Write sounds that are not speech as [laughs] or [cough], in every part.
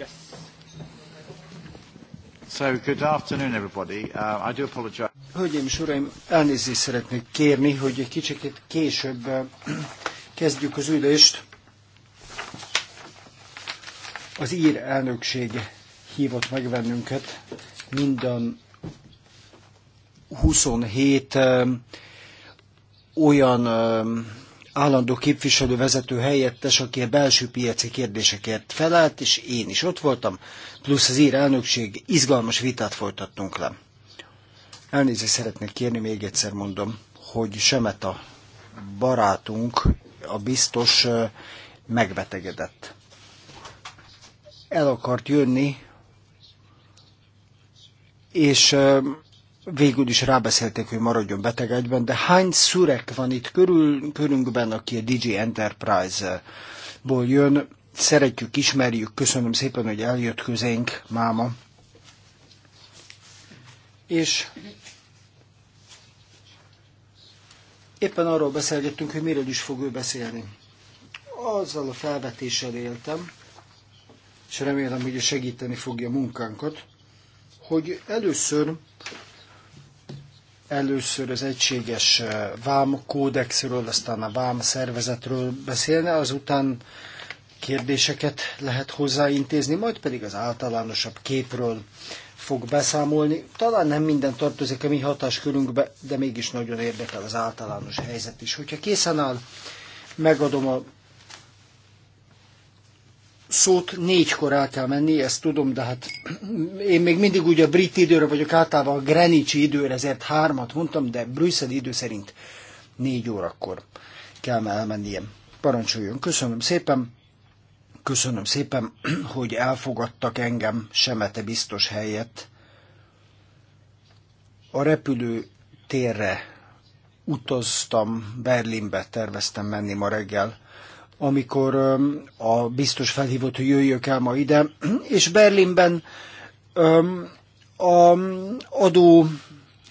Yes. So, good afternoon everybody. Uh, I do apologize. Hölgyeim és uraim, elnézést szeretnék kérni, hogy egy kicsit később [clears throat] kezdjük az ülést. Az ír elnökség hívott meg bennünket. Minden 27 olyan állandó képviselő vezető helyettes, aki a belső piaci kérdésekért felelt, és én is ott voltam, plusz az ír elnökség izgalmas vitát folytattunk le. Elnézést szeretnék kérni, még egyszer mondom, hogy a barátunk, a biztos megbetegedett. El akart jönni, és végül is rábeszélték, hogy maradjon beteg egyben, de hány szurek van itt körül, körünkben, aki a DJ Enterprise-ból jön. Szeretjük, ismerjük, köszönöm szépen, hogy eljött közénk máma. És éppen arról beszélgettünk, hogy miről is fog ő beszélni. Azzal a felvetéssel éltem, és remélem, hogy segíteni fogja munkánkat, hogy először először az egységes eh, vám kódexről, aztán a vám szervezetről beszélne, azután kérdéseket lehet hozzáintézni, majd pedig az általánosabb képről fog beszámolni. Talán nem minden tartozik a mi hatáskörünkbe, de mégis nagyon érdekel az általános helyzet is. Hogyha készen áll, megadom a szót négykor el kell menni, ezt tudom, de hát én még mindig ugye a brit időre vagyok, általában a Greenwichi időre, ezért hármat mondtam, de brüsszeli idő szerint négy órakor kell elmennie. Parancsoljon, köszönöm szépen, köszönöm szépen, [clears throat] hogy elfogadtak engem Semete biztos helyett. A repülő térre utaztam, Berlinbe terveztem menni ma reggel, amikor a biztos felhívott, hogy jöjjök el ma ide, és Berlinben a adó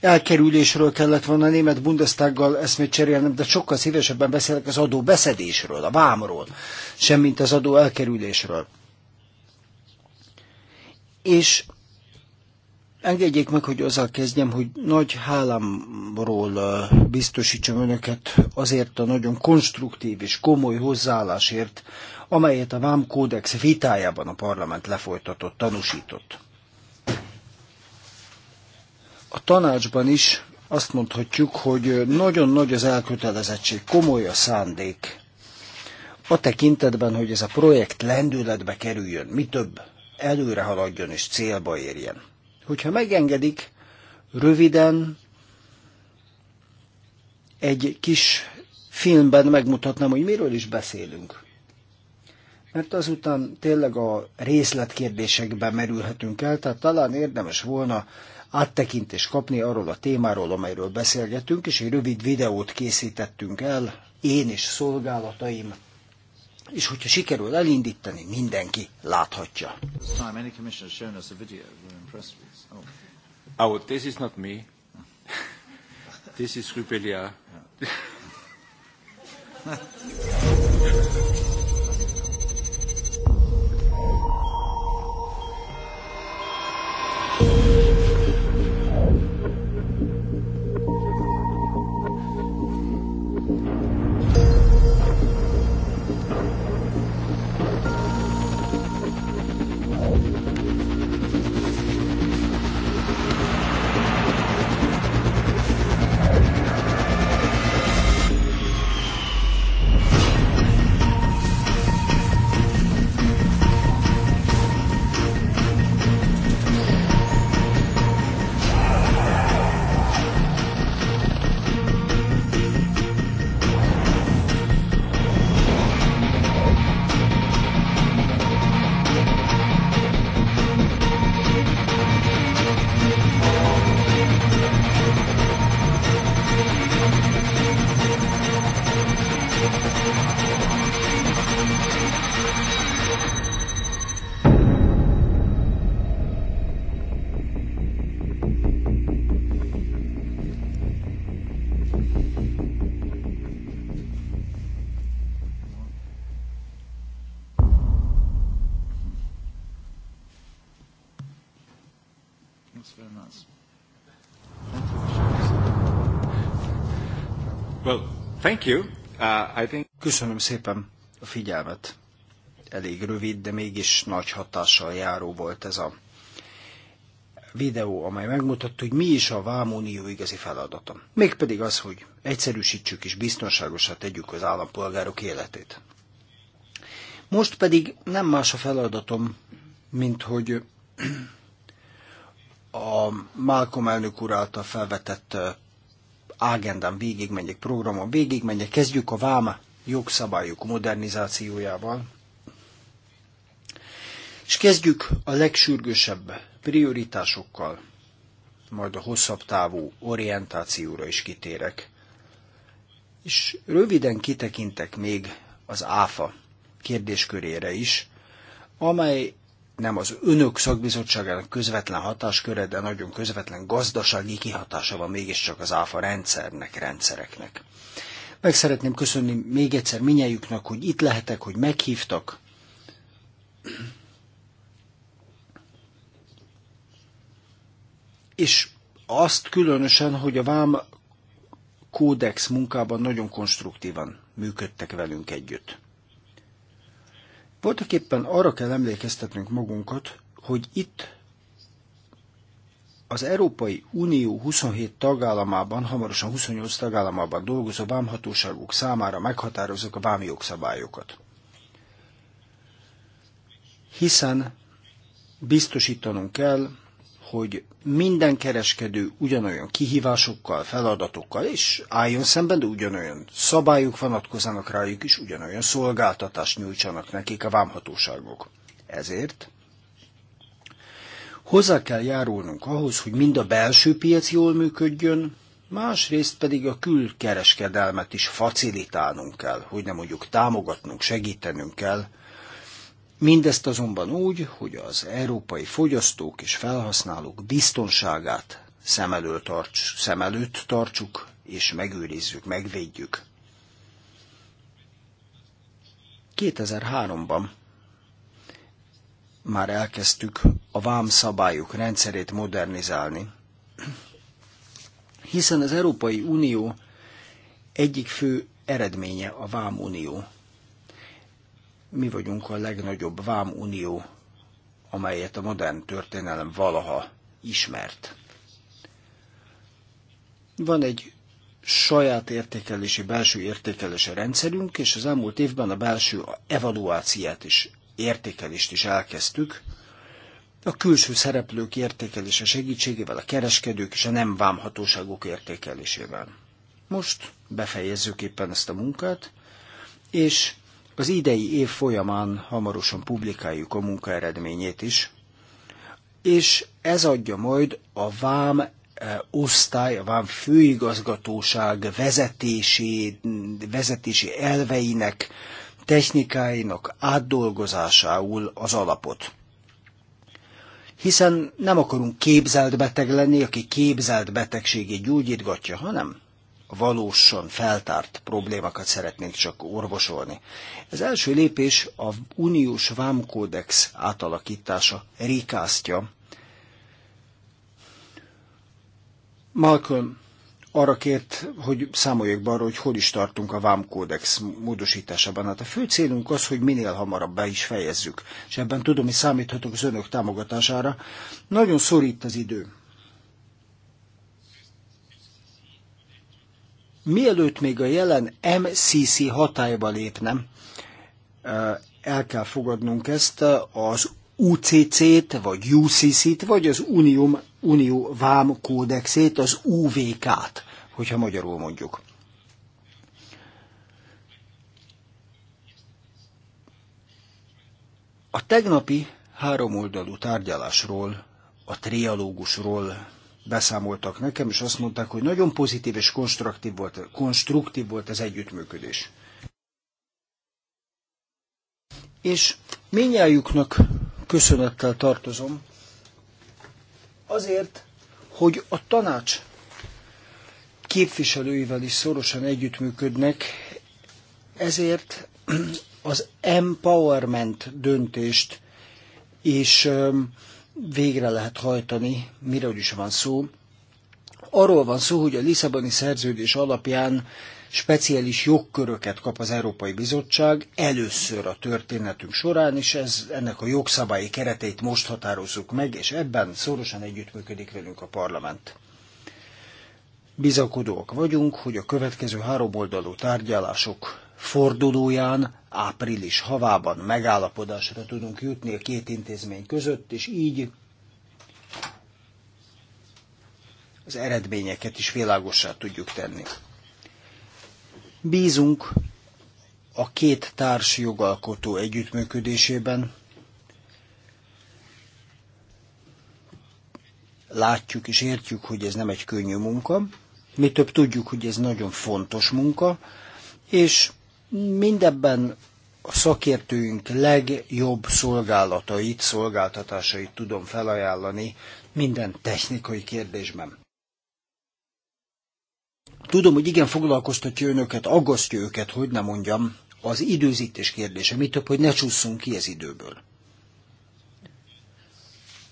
elkerülésről kellett volna a német Bundestaggal eszmét cserélnem, de sokkal szívesebben beszélek az adó beszedésről, a vámról, semmint az adó elkerülésről. És Engedjék meg, hogy azzal kezdjem, hogy nagy hálámról uh, biztosítsam önöket azért a nagyon konstruktív és komoly hozzáállásért, amelyet a Vám Kódex vitájában a parlament lefolytatott, tanúsított. A tanácsban is azt mondhatjuk, hogy nagyon nagy az elkötelezettség, komoly a szándék. A tekintetben, hogy ez a projekt lendületbe kerüljön, mi több, előre haladjon és célba érjen. Hogyha megengedik, röviden egy kis filmben megmutatnám, hogy miről is beszélünk. Mert azután tényleg a részletkérdésekbe merülhetünk el, tehát talán érdemes volna áttekintést kapni arról a témáról, amelyről beszélgetünk, és egy rövid videót készítettünk el, én és szolgálataim, és hogyha sikerül elindítani, mindenki láthatja. Time, Oh. oh, this is not me. this is Rubelia. [laughs] Thank you. Uh, I think... Köszönöm szépen a figyelmet. Elég rövid, de mégis nagy hatással járó volt ez a videó, amely megmutatta, hogy mi is a Vámunió igazi feladata. Mégpedig az, hogy egyszerűsítsük és biztonságosá tegyük az állampolgárok életét. Most pedig nem más a feladatom, mint hogy a Malcolm elnök úr által felvetett ágendán végigmegyek, programon végigmegyek, kezdjük a vám jogszabályok modernizációjával, és kezdjük a legsürgősebb prioritásokkal, majd a hosszabb távú orientációra is kitérek. És röviden kitekintek még az ÁFA kérdéskörére is, amely nem az önök szakbizottságának közvetlen hatásköre, de nagyon közvetlen gazdasági kihatása van mégiscsak az áfa rendszernek, rendszereknek. Meg szeretném köszönni még egyszer minnyájuknak, hogy itt lehetek, hogy meghívtak. És azt különösen, hogy a Vám Kódex munkában nagyon konstruktívan működtek velünk együtt. Voltak éppen arra kell emlékeztetnünk magunkat, hogy itt az Európai Unió 27 tagállamában, hamarosan 28 tagállamában dolgozó vámhatóságok számára meghatározok a vámi jogszabályokat. Hiszen biztosítanunk kell, hogy minden kereskedő ugyanolyan kihívásokkal, feladatokkal is álljon szemben, de ugyanolyan szabályok vonatkozanak rájuk, és ugyanolyan szolgáltatást nyújtsanak nekik a vámhatóságok. Ezért hozzá kell járulnunk ahhoz, hogy mind a belső piac jól működjön, másrészt pedig a külkereskedelmet is facilitálnunk kell, hogy nem mondjuk támogatnunk, segítenünk kell, Mindezt azonban úgy, hogy az európai fogyasztók és felhasználók biztonságát szem, tarts, szem előtt tartsuk, és megőrizzük, megvédjük. 2003-ban már elkezdtük a vám szabályok rendszerét modernizálni, hiszen az Európai Unió egyik fő eredménye a vám unió. Mi vagyunk a legnagyobb vámunió, amelyet a modern történelem valaha ismert. Van egy saját értékelési, belső értékelési rendszerünk, és az elmúlt évben a belső evaluáciát is, értékelést is elkezdtük. A külső szereplők értékelése segítségével, a kereskedők és a nem vámhatóságok értékelésével. Most befejezzük éppen ezt a munkát, és az idei év folyamán hamarosan publikáljuk a munka eredményét is, és ez adja majd a vám eh, osztály, a vám főigazgatóság vezetési, vezetési elveinek, technikáinak átdolgozásául az alapot. Hiszen nem akarunk képzelt beteg lenni, aki képzelt betegségét gyógyítgatja, hanem valósan feltárt problémákat szeretnénk csak orvosolni. Az első lépés a uniós vámkódex átalakítása rikáztja. Malcolm arra kért, hogy számoljék be arra, hogy hol is tartunk a vámkódex módosításában. Hát a fő célunk az, hogy minél hamarabb be is fejezzük, és ebben tudom, hogy számíthatok az önök támogatására. Nagyon szorít az idő mielőtt még a jelen MCC hatályba lépne, el kell fogadnunk ezt az UCC-t, vagy UCC-t, vagy az Unium, Unió Vám Kódexét, az UVK-t, hogyha magyarul mondjuk. A tegnapi háromoldalú tárgyalásról, a trialógusról beszámoltak nekem, és azt mondták, hogy nagyon pozitív és konstruktív volt, konstruktív volt az együttműködés. És minnyájuknak köszönettel tartozom, azért, hogy a tanács képviselőivel is szorosan együttműködnek, ezért az empowerment döntést és végre lehet hajtani, miről is van szó. Arról van szó, hogy a Lisszaboni szerződés alapján speciális jogköröket kap az Európai Bizottság először a történetünk során, és ez, ennek a jogszabályi kereteit most határozzuk meg, és ebben szorosan együttműködik velünk a parlament. Bizakodóak vagyunk, hogy a következő három oldalú tárgyalások fordulóján, április havában megállapodásra tudunk jutni a két intézmény között, és így az eredményeket is világosá tudjuk tenni. Bízunk a két társ jogalkotó együttműködésében. Látjuk és értjük, hogy ez nem egy könnyű munka. Mi több tudjuk, hogy ez nagyon fontos munka, és Mindebben a szakértőink legjobb szolgálatait, szolgáltatásait tudom felajánlani minden technikai kérdésben. Tudom, hogy igen foglalkoztatja önöket, aggasztja őket, hogy ne mondjam, az időzítés kérdése, mi több, hogy ne csúszunk ki az időből.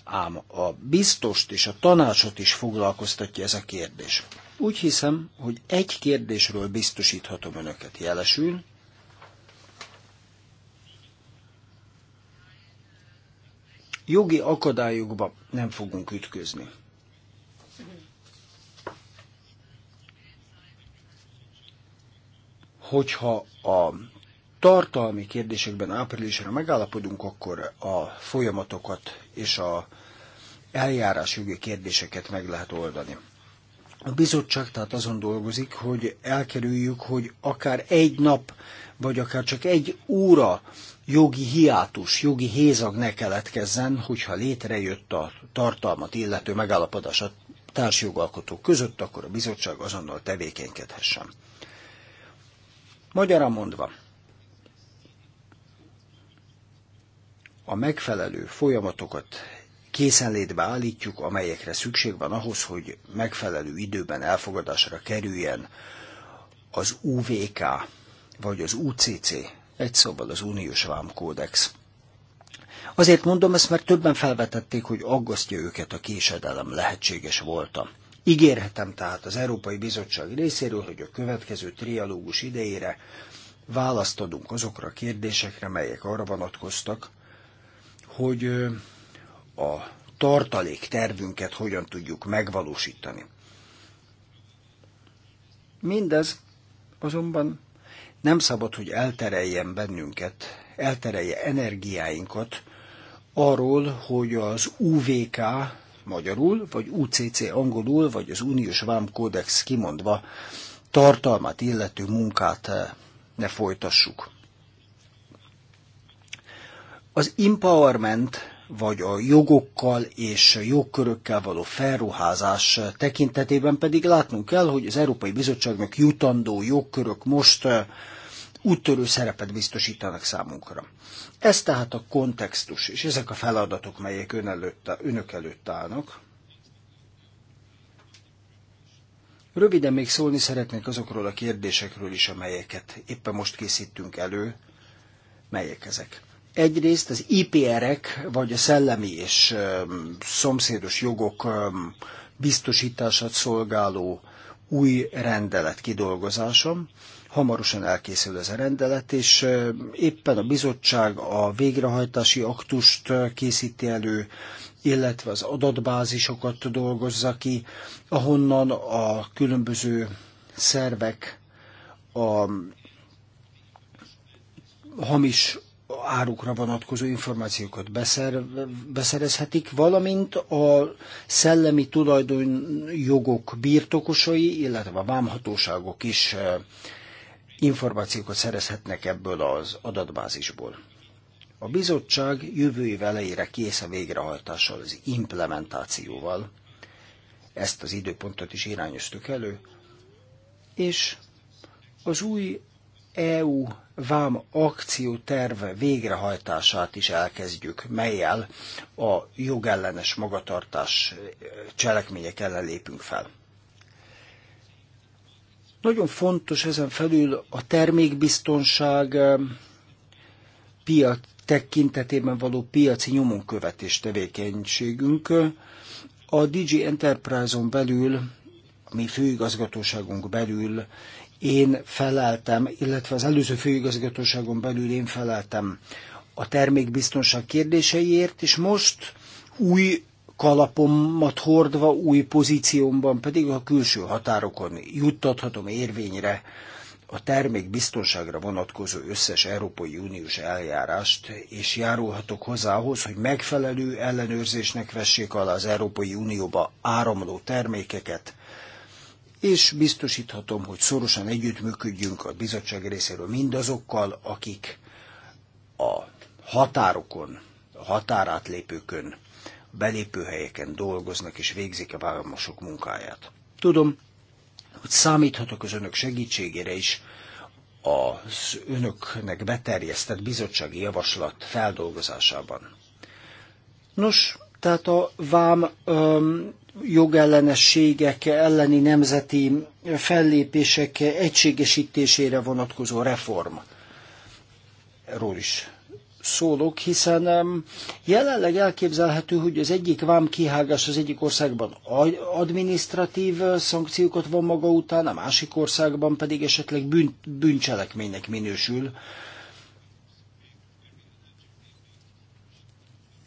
Ám a biztost és a tanácsot is foglalkoztatja ez a kérdés. Úgy hiszem, hogy egy kérdésről biztosíthatom önöket jelesül, jogi akadályokba nem fogunk ütközni. Hogyha a tartalmi kérdésekben áprilisra megállapodunk, akkor a folyamatokat és a eljárásjogi kérdéseket meg lehet oldani. A bizottság tehát azon dolgozik, hogy elkerüljük, hogy akár egy nap, vagy akár csak egy óra jogi hiátus, jogi hézag ne keletkezzen, hogyha létrejött a tartalmat illető megállapodás a társjogalkotók között, akkor a bizottság azonnal tevékenykedhessen. Magyarán mondva, a megfelelő folyamatokat készenlétbe állítjuk, amelyekre szükség van ahhoz, hogy megfelelő időben elfogadásra kerüljen az UVK vagy az UCC, egy szóval az Uniós Vámkódex. Azért mondom ezt, mert többen felvetették, hogy aggasztja őket a késedelem lehetséges voltam. Ígérhetem tehát az Európai Bizottság részéről, hogy a következő trialógus idejére választ adunk azokra a kérdésekre, melyek arra vonatkoztak, hogy a tartalék tervünket hogyan tudjuk megvalósítani. Mindez azonban nem szabad, hogy eltereljen bennünket, elterelje energiáinkat arról, hogy az UVK magyarul, vagy UCC angolul, vagy az Uniós Vámkódex kimondva tartalmat illető munkát eh, ne folytassuk. Az empowerment vagy a jogokkal és jogkörökkel való felruházás tekintetében pedig látnunk kell, hogy az Európai Bizottságnak jutandó jogkörök most eh, úttörő szerepet biztosítanak számunkra. Ez tehát a kontextus, és ezek a feladatok, melyek ön előtt, önök előtt állnak. Röviden még szólni szeretnék azokról a kérdésekről is, amelyeket éppen most készítünk elő. Melyek ezek? Egyrészt az IPR-ek, vagy a szellemi és szomszédos jogok biztosítását szolgáló új rendelet kidolgozása. Hamarosan elkészül ez a rendelet, és éppen a bizottság a végrehajtási aktust készíti elő, illetve az adatbázisokat dolgozza ki, ahonnan a különböző szervek a hamis árukra vonatkozó információkat beszer, beszerezhetik, valamint a szellemi tulajdonjogok birtokosai, illetve a vámhatóságok is eh, információkat szerezhetnek ebből az adatbázisból. A bizottság jövő év elejére kész a végrehajtással, az implementációval. Ezt az időpontot is irányoztuk elő, és az új EU vám akcióterve végrehajtását is elkezdjük, melyel a jogellenes magatartás eh, cselekmények ellen lépünk fel. Nagyon fontos ezen felül a termékbiztonság eh, piac tekintetében való piaci nyomonkövetés tevékenységünk. A DG Enterprise-on belül, a mi főigazgatóságunk belül én feleltem, illetve az előző főigazgatóságon belül én feleltem a termékbiztonság kérdéseiért, és most új kalapomat hordva, új pozíciómban pedig a külső határokon juttathatom érvényre a termék biztonságra vonatkozó összes Európai Uniós eljárást, és járulhatok hozzá ahhoz, hogy megfelelő ellenőrzésnek vessék alá az Európai Unióba áramló termékeket, és biztosíthatom, hogy szorosan együttműködjünk a bizottság részéről mindazokkal, akik a határokon, a határátlépőkön, belépőhelyeken dolgoznak és végzik a vállalmasok munkáját. Tudom, hogy számíthatok az önök segítségére is, az önöknek beterjesztett bizottsági javaslat feldolgozásában. Nos, tehát a vám jogellenességek elleni nemzeti fellépések egységesítésére vonatkozó reformról is szólok, hiszen jelenleg elképzelhető, hogy az egyik vám kihágás az egyik országban administratív szankciókat van maga után, a másik országban pedig esetleg bűn, bűncselekménynek minősül.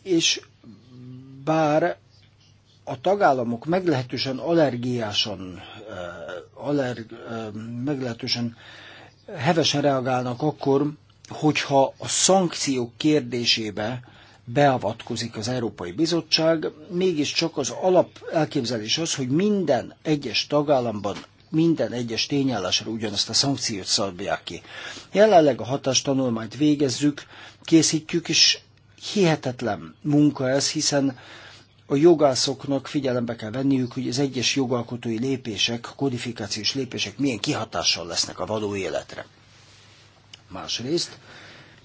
És bár a tagállamok meglehetősen allergiásan, eh, allerg, eh, meglehetősen hevesen reagálnak akkor, hogyha a szankciók kérdésébe beavatkozik az Európai Bizottság, mégiscsak az alap elképzelés az, hogy minden egyes tagállamban minden egyes tényállásra ugyanazt a szankciót szabják ki. Jelenleg a hatástanulmányt végezzük, készítjük, és Hihetetlen munka ez, hiszen a jogászoknak figyelembe kell venniük, hogy az egyes jogalkotói lépések, kodifikációs lépések milyen kihatással lesznek a való életre. Másrészt,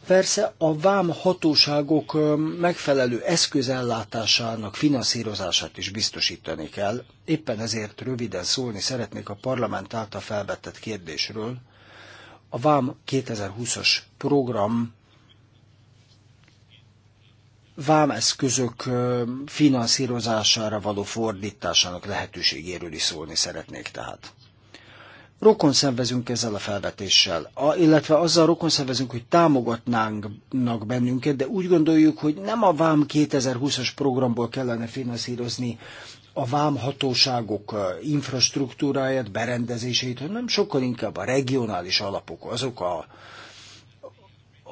persze a vám hatóságok megfelelő eszközellátásának finanszírozását is biztosítani kell. Éppen ezért röviden szólni szeretnék a parlament által felvetett kérdésről. A vám 2020-as program vámeszközök finanszírozására való fordításának lehetőségéről is szólni szeretnék tehát. Rokon szervezünk ezzel a felvetéssel, a, illetve azzal rokon szervezünk, hogy támogatnánk bennünket, de úgy gondoljuk, hogy nem a VÁM 2020-as programból kellene finanszírozni a hatóságok infrastruktúráját, berendezését, hanem sokkal inkább a regionális alapok, azok a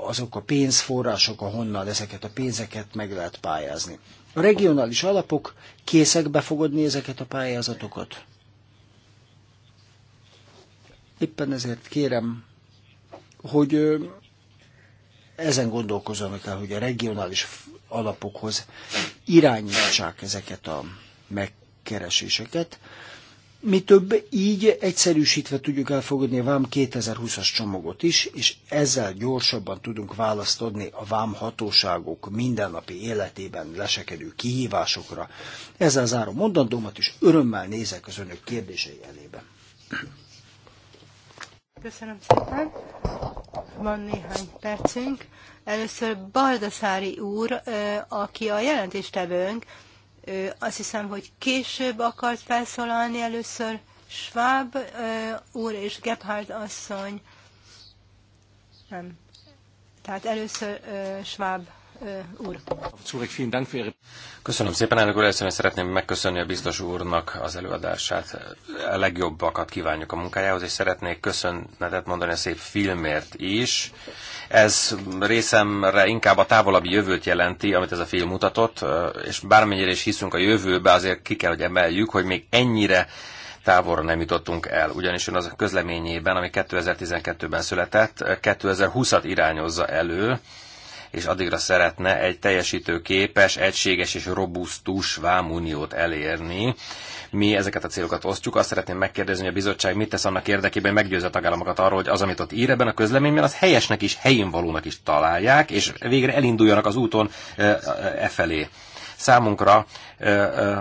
azok a pénzforrások, ahonnan ezeket a pénzeket meg lehet pályázni. A regionális alapok készek befogadni ezeket a pályázatokat? Éppen ezért kérem, hogy ezen gondolkozzanak el, hogy a regionális alapokhoz irányítsák ezeket a megkereséseket. Mi több így egyszerűsítve tudjuk elfogadni a VÁM 2020-as csomagot is, és ezzel gyorsabban tudunk választ adni a VÁM hatóságok mindennapi életében lesekedő kihívásokra. Ezzel zárom mondandómat, és örömmel nézek az önök kérdései elébe. Köszönöm szépen. Van néhány percünk. Először Baldaszári úr, aki a jelentéstevőnk, azt hiszem, hogy később akart felszólalni először Schwab úr és Gebhard asszony. Nem. Tehát először Schwab úr. Köszönöm szépen, elnök úr, először szeretném megköszönni a biztos úrnak az előadását. A legjobbakat kívánjuk a munkájához, és szeretnék köszönetet mondani a szép filmért is, ez részemre inkább a távolabbi jövőt jelenti, amit ez a film mutatott, és bármennyire is hiszünk a jövőbe, azért ki kell, hogy emeljük, hogy még ennyire távolra nem jutottunk el, ugyanis ön az a közleményében, ami 2012-ben született, 2020-at irányozza elő, és addigra szeretne egy képes, egységes és robusztus vámuniót elérni. Mi ezeket a célokat osztjuk. Azt szeretném megkérdezni, hogy a bizottság mit tesz annak érdekében, hogy meggyőzze a tagállamokat arról, hogy az, amit ott ír ebben a közleményben, az helyesnek is, helyén valónak is találják, és végre elinduljanak az úton e felé. Számunkra,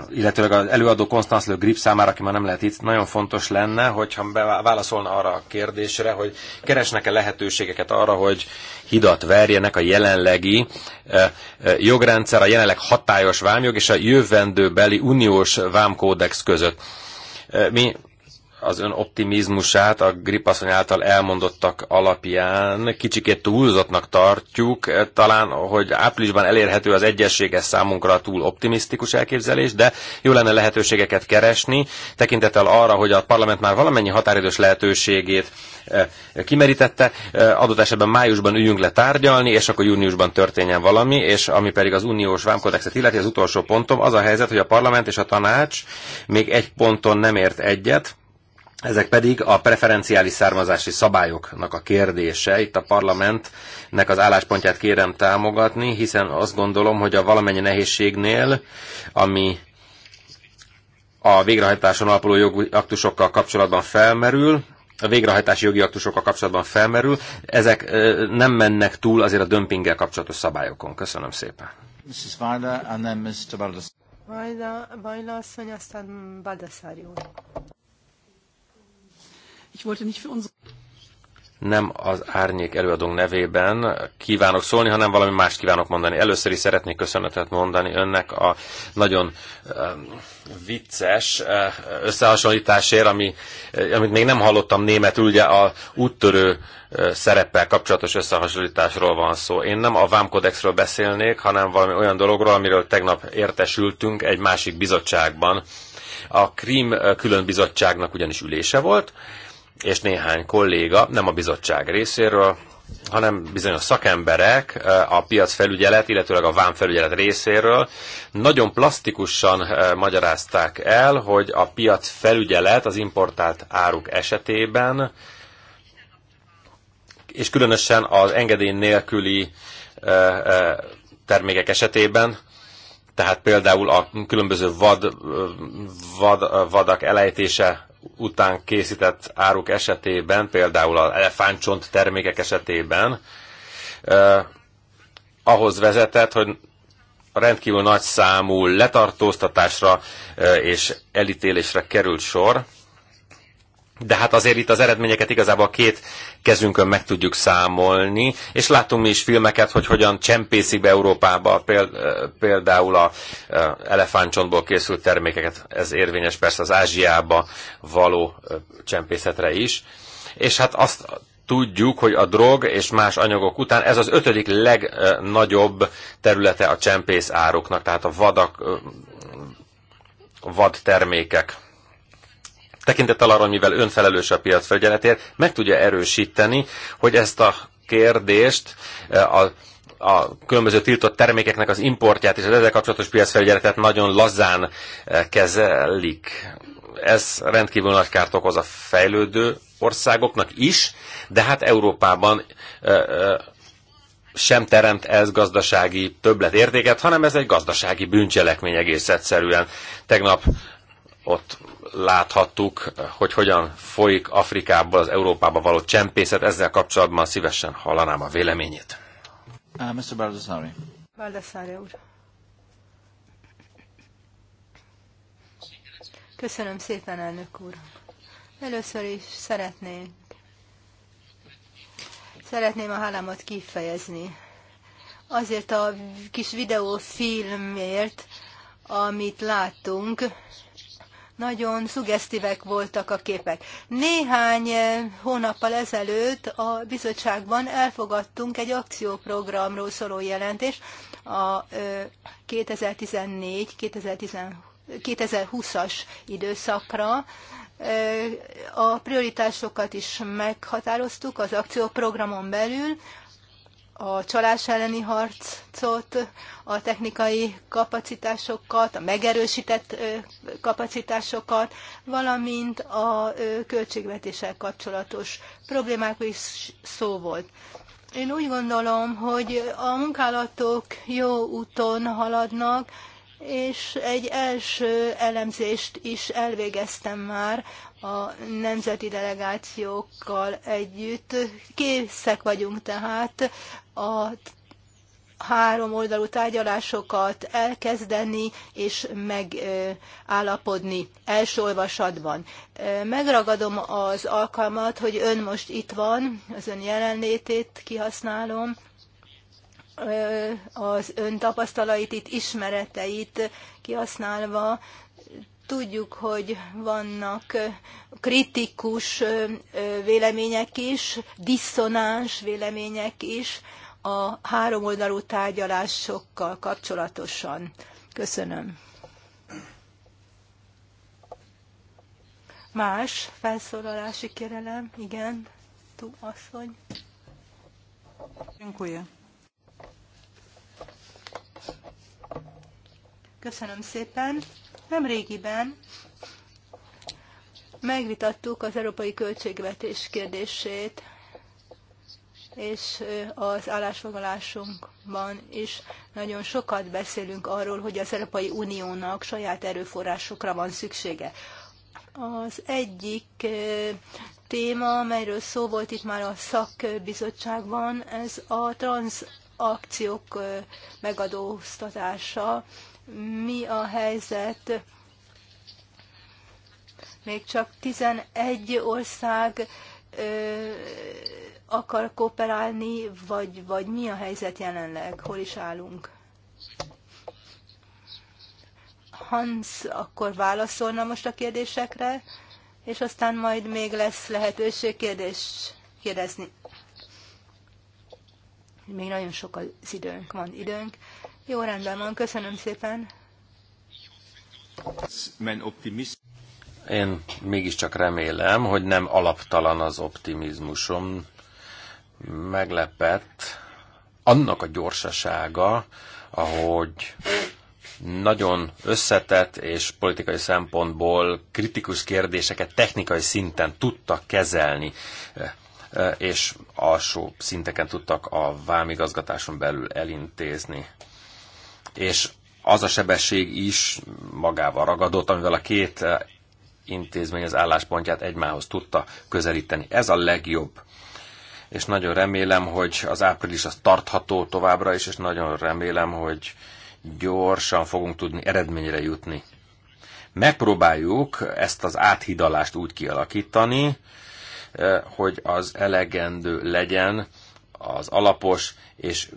illetőleg az előadó Konstanz Le Grip számára, aki már nem lehet itt, nagyon fontos lenne, hogyha válaszolna arra a kérdésre, hogy keresnek-e lehetőségeket arra, hogy hidat verjenek a jelenlegi jogrendszer, a jelenleg hatályos vámjog és a jövendőbeli uniós vámkódex között. Mi az ön optimizmusát a gripasszony által elmondottak alapján kicsikét túlzottnak tartjuk. Talán, hogy áprilisban elérhető az egyességes számunkra túl optimisztikus elképzelés, de jó lenne lehetőségeket keresni, tekintettel arra, hogy a parlament már valamennyi határidős lehetőségét eh, kimerítette, eh, adott esetben májusban üljünk le tárgyalni, és akkor júniusban történjen valami, és ami pedig az uniós vámkodexet illeti, az utolsó pontom, az a helyzet, hogy a parlament és a tanács még egy ponton nem ért egyet, ezek pedig a preferenciális származási szabályoknak a kérdése. Itt a parlamentnek az álláspontját kérem támogatni, hiszen azt gondolom, hogy a valamennyi nehézségnél, ami a végrehajtáson alapuló jogi aktusokkal kapcsolatban felmerül, a végrehajtási jogi aktusokkal kapcsolatban felmerül, ezek nem mennek túl azért a dömpinggel kapcsolatos szabályokon. Köszönöm szépen. Mrs. Weiler, and then Mr. Baldassari nem az árnyék előadónk nevében kívánok szólni, hanem valami mást kívánok mondani. Először is szeretnék köszönetet mondani önnek a nagyon vicces eh, összehasonlításért, ami, eh, amit még nem hallottam németül, ugye a úttörő eh, szereppel kapcsolatos összehasonlításról van szó. Én nem a vámkodexről beszélnék, hanem valami olyan dologról, amiről tegnap értesültünk egy másik bizottságban. A Krím külön bizottságnak ugyanis ülése volt, és néhány kolléga, nem a bizottság részéről, hanem bizonyos szakemberek eh, a piac felügyelet, illetőleg a vám felügyelet részéről nagyon plastikusan eh, magyarázták el, hogy a piac felügyelet az importált áruk esetében, és különösen az engedély nélküli eh, termékek esetében, tehát például a különböző vad, vad, vadak elejtése után készített áruk esetében, például az elefántcsont termékek esetében, eh, ahhoz vezetett, hogy rendkívül nagy számú letartóztatásra eh, és elítélésre került sor, de hát azért itt az eredményeket igazából két kezünkön meg tudjuk számolni, és látunk mi is filmeket, hogy hogyan csempészik be Európába például a elefántcsontból készült termékeket, ez érvényes persze az Ázsiába való csempészetre is, és hát azt tudjuk, hogy a drog és más anyagok után ez az ötödik legnagyobb területe a csempész áruknak, tehát a vadak, vad termékek tekintettel arra, mivel önfelelős a piac felügyeletért, meg tudja erősíteni, hogy ezt a kérdést eh, a a különböző tiltott termékeknek az importját és az ezzel kapcsolatos piacfelügyeletet nagyon lazán eh, kezelik. Ez rendkívül nagy kárt okoz a fejlődő országoknak is, de hát Európában eh, sem teremt ez gazdasági többletértéket, hanem ez egy gazdasági bűncselekmény egész egyszerűen. Tegnap ott láthattuk, hogy hogyan folyik Afrikából az Európába való csempészet. Ezzel kapcsolatban szívesen hallanám a véleményét. Uh, Mr. Baldassari. Baldassari úr. Köszönöm szépen, elnök úr. Először is szeretném, szeretném a hálámat kifejezni. Azért a kis videófilmért, amit láttunk, nagyon szugesztívek voltak a képek. Néhány eh, hónappal ezelőtt a bizottságban elfogadtunk egy akcióprogramról szóló jelentést a 2014-2020-as eh, időszakra. Eh, a prioritásokat is meghatároztuk az akcióprogramon belül, a csalás elleni harcot, a technikai kapacitásokat, a megerősített kapacitásokat, valamint a költségvetéssel kapcsolatos problémákról is szó volt. Én úgy gondolom, hogy a munkálatok jó úton haladnak, és egy első elemzést is elvégeztem már a nemzeti delegációkkal együtt. Készek vagyunk tehát a három oldalú tárgyalásokat elkezdeni és megállapodni első olvasatban. Megragadom az alkalmat, hogy ön most itt van, az ön jelenlétét kihasználom, az ön tapasztalait itt ismereteit kihasználva Tudjuk, hogy vannak kritikus vélemények is, diszonáns vélemények is a háromoldalú tárgyalásokkal kapcsolatosan. Köszönöm. Más felszólalási kérelem? Igen, tú asszony. Dziękuję. Köszönöm szépen. Nem régiben megvitattuk az európai költségvetés kérdését, és az állásfoglalásunkban is nagyon sokat beszélünk arról, hogy az Európai Uniónak saját erőforrásokra van szüksége. Az egyik téma, amelyről szó volt itt már a szakbizottságban, ez a transzakciók megadóztatása mi a helyzet. Még csak 11 ország ö, akar kooperálni, vagy, vagy mi a helyzet jelenleg, hol is állunk? Hans akkor válaszolna most a kérdésekre, és aztán majd még lesz lehetőség kérdés kérdezni. Még nagyon sok az időnk, van időnk. Jó, rendben van, köszönöm szépen. Én mégiscsak remélem, hogy nem alaptalan az optimizmusom. Meglepett annak a gyorsasága, ahogy nagyon összetett és politikai szempontból kritikus kérdéseket technikai szinten tudtak kezelni, eh, és alsó szinteken tudtak a vámigazgatáson belül elintézni és az a sebesség is magával ragadott, amivel a két eh, intézmény az álláspontját egymához tudta közelíteni. Ez a legjobb. És nagyon remélem, hogy az április az tartható továbbra is, és nagyon remélem, hogy gyorsan fogunk tudni eredményre jutni. Megpróbáljuk ezt az áthidalást úgy kialakítani, eh, hogy az elegendő legyen az alapos és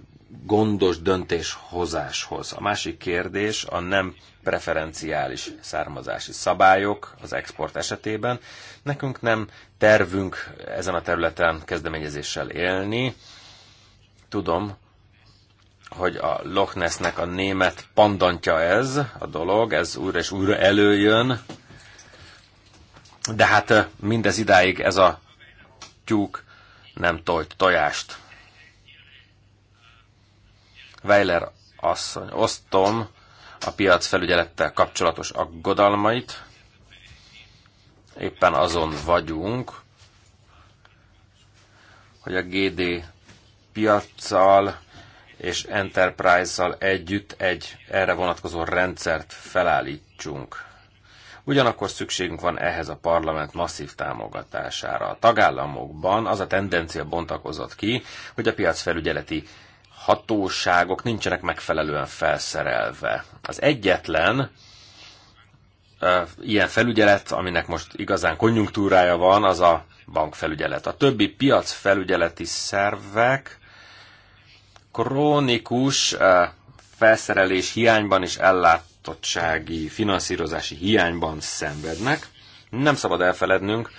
gondos döntéshozáshoz. A másik kérdés a nem preferenciális származási szabályok az export esetében. Nekünk nem tervünk ezen a területen kezdeményezéssel élni. Tudom, hogy a Loch Nessnek a német pandantja ez a dolog, ez újra és újra előjön. De hát mindez idáig ez a tyúk nem tolt tojást. Weiler asszony, osztom a piac felügyelettel kapcsolatos aggodalmait. Éppen azon vagyunk, hogy a GD piaccal és Enterprise-szal együtt egy erre vonatkozó rendszert felállítsunk. Ugyanakkor szükségünk van ehhez a parlament masszív támogatására. A tagállamokban az a tendencia bontakozott ki, hogy a piacfelügyeleti hatóságok nincsenek megfelelően felszerelve. Az egyetlen ilyen felügyelet, aminek most igazán konjunktúrája van, az a bankfelügyelet. A többi piacfelügyeleti szervek krónikus felszerelés hiányban és ellátottsági, finanszírozási hiányban szenvednek. Nem szabad elfelednünk,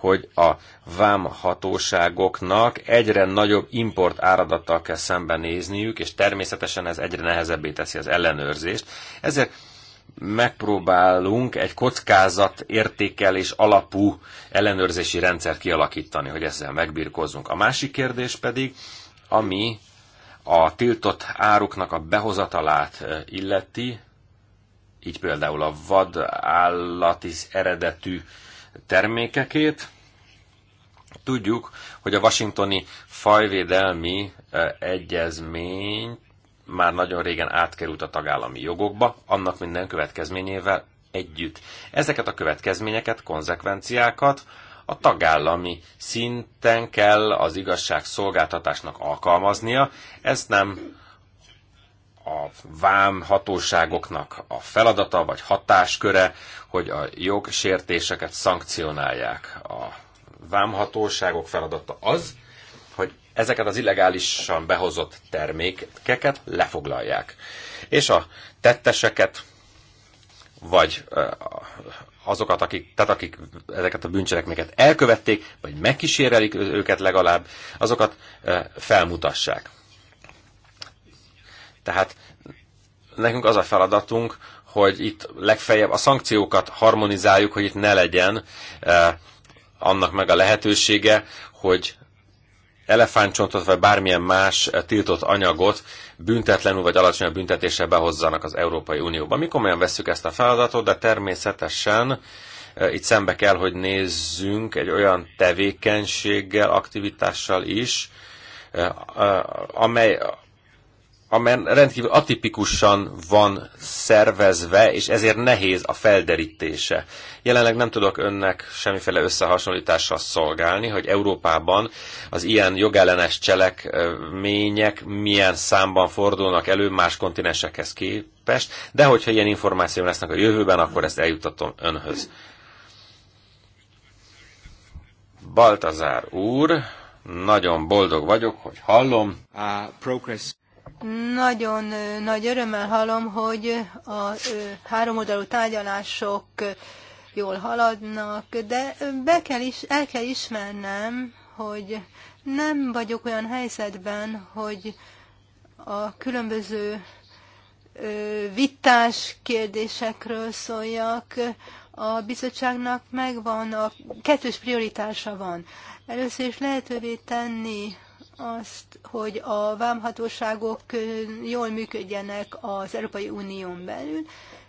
hogy a vámhatóságoknak egyre nagyobb import áradattal kell szembenézniük, és természetesen ez egyre nehezebbé teszi az ellenőrzést. Ezért megpróbálunk egy kockázat értékelés alapú ellenőrzési rendszer kialakítani, hogy ezzel megbirkózzunk. A másik kérdés pedig, ami a tiltott áruknak a behozatalát illeti, így például a vad állati eredetű termékekét. Tudjuk, hogy a washingtoni fajvédelmi eh, egyezmény már nagyon régen átkerült a tagállami jogokba, annak minden következményével együtt. Ezeket a következményeket, konzekvenciákat a tagállami szinten kell az igazságszolgáltatásnak alkalmaznia. Ez nem a vám hatóságoknak a feladata vagy hatásköre, hogy a jogsértéseket szankcionálják. A vámhatóságok feladata az, hogy ezeket az illegálisan behozott termékeket lefoglalják. És a tetteseket, vagy azokat, akik, tehát akik ezeket a bűncselekményeket elkövették, vagy megkísérelik őket legalább, azokat felmutassák. Tehát nekünk az a feladatunk, hogy itt legfeljebb a szankciókat harmonizáljuk, hogy itt ne legyen eh, annak meg a lehetősége, hogy elefántcsontot vagy bármilyen más e, tiltott anyagot büntetlenül vagy alacsonyabb büntetéssel behozzanak az Európai Unióba. Mi komolyan vesszük ezt a feladatot, de természetesen e, itt szembe kell, hogy nézzünk egy olyan tevékenységgel, aktivitással is, e, amely amely rendkívül atipikusan van szervezve, és ezért nehéz a felderítése. Jelenleg nem tudok önnek semmiféle összehasonlítással szolgálni, hogy Európában az ilyen jogellenes cselekmények milyen számban fordulnak elő más kontinensekhez képest, de hogyha ilyen információim lesznek a jövőben, akkor ezt eljuttatom önhöz. Baltazár úr, nagyon boldog vagyok, hogy hallom. A uh, progress nagyon nagy örömmel hallom, hogy a háromoldalú tárgyalások jól haladnak, de be kell is, el kell ismernem, hogy nem vagyok olyan helyzetben, hogy a különböző vitás kérdésekről szóljak. A bizottságnak megvan, a kettős prioritása van. Először is lehetővé tenni azt, hogy a vámhatóságok jól működjenek az Európai Unión belül,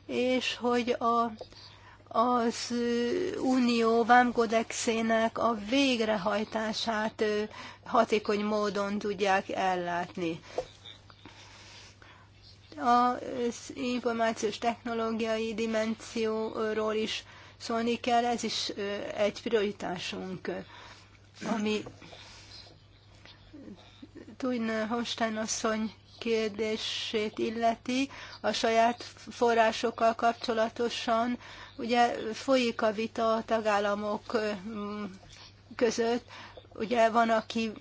és hogy a, az Unió vámkodexének a végrehajtását hatékony módon tudják ellátni. Az információs technológiai dimenzióról is szólni kell, ez is egy prioritásunk, ami Thun Holstein asszony kérdését illeti a saját forrásokkal kapcsolatosan. Ugye folyik a vita a tagállamok mm, között, ugye van, aki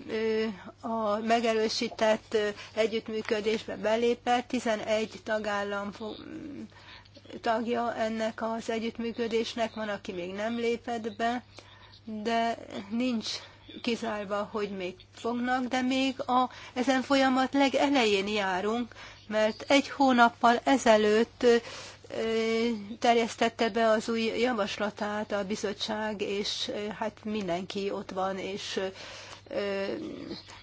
a megerősített együttműködésbe belépett, 11 tagállam mm, tagja ennek az együttműködésnek, van, aki még nem lépett be, de nincs kizárva, hogy még fognak, de még a, ezen folyamat legelején járunk, mert egy hónappal ezelőtt terjesztette be az új javaslatát a bizottság, és hát mindenki ott van, és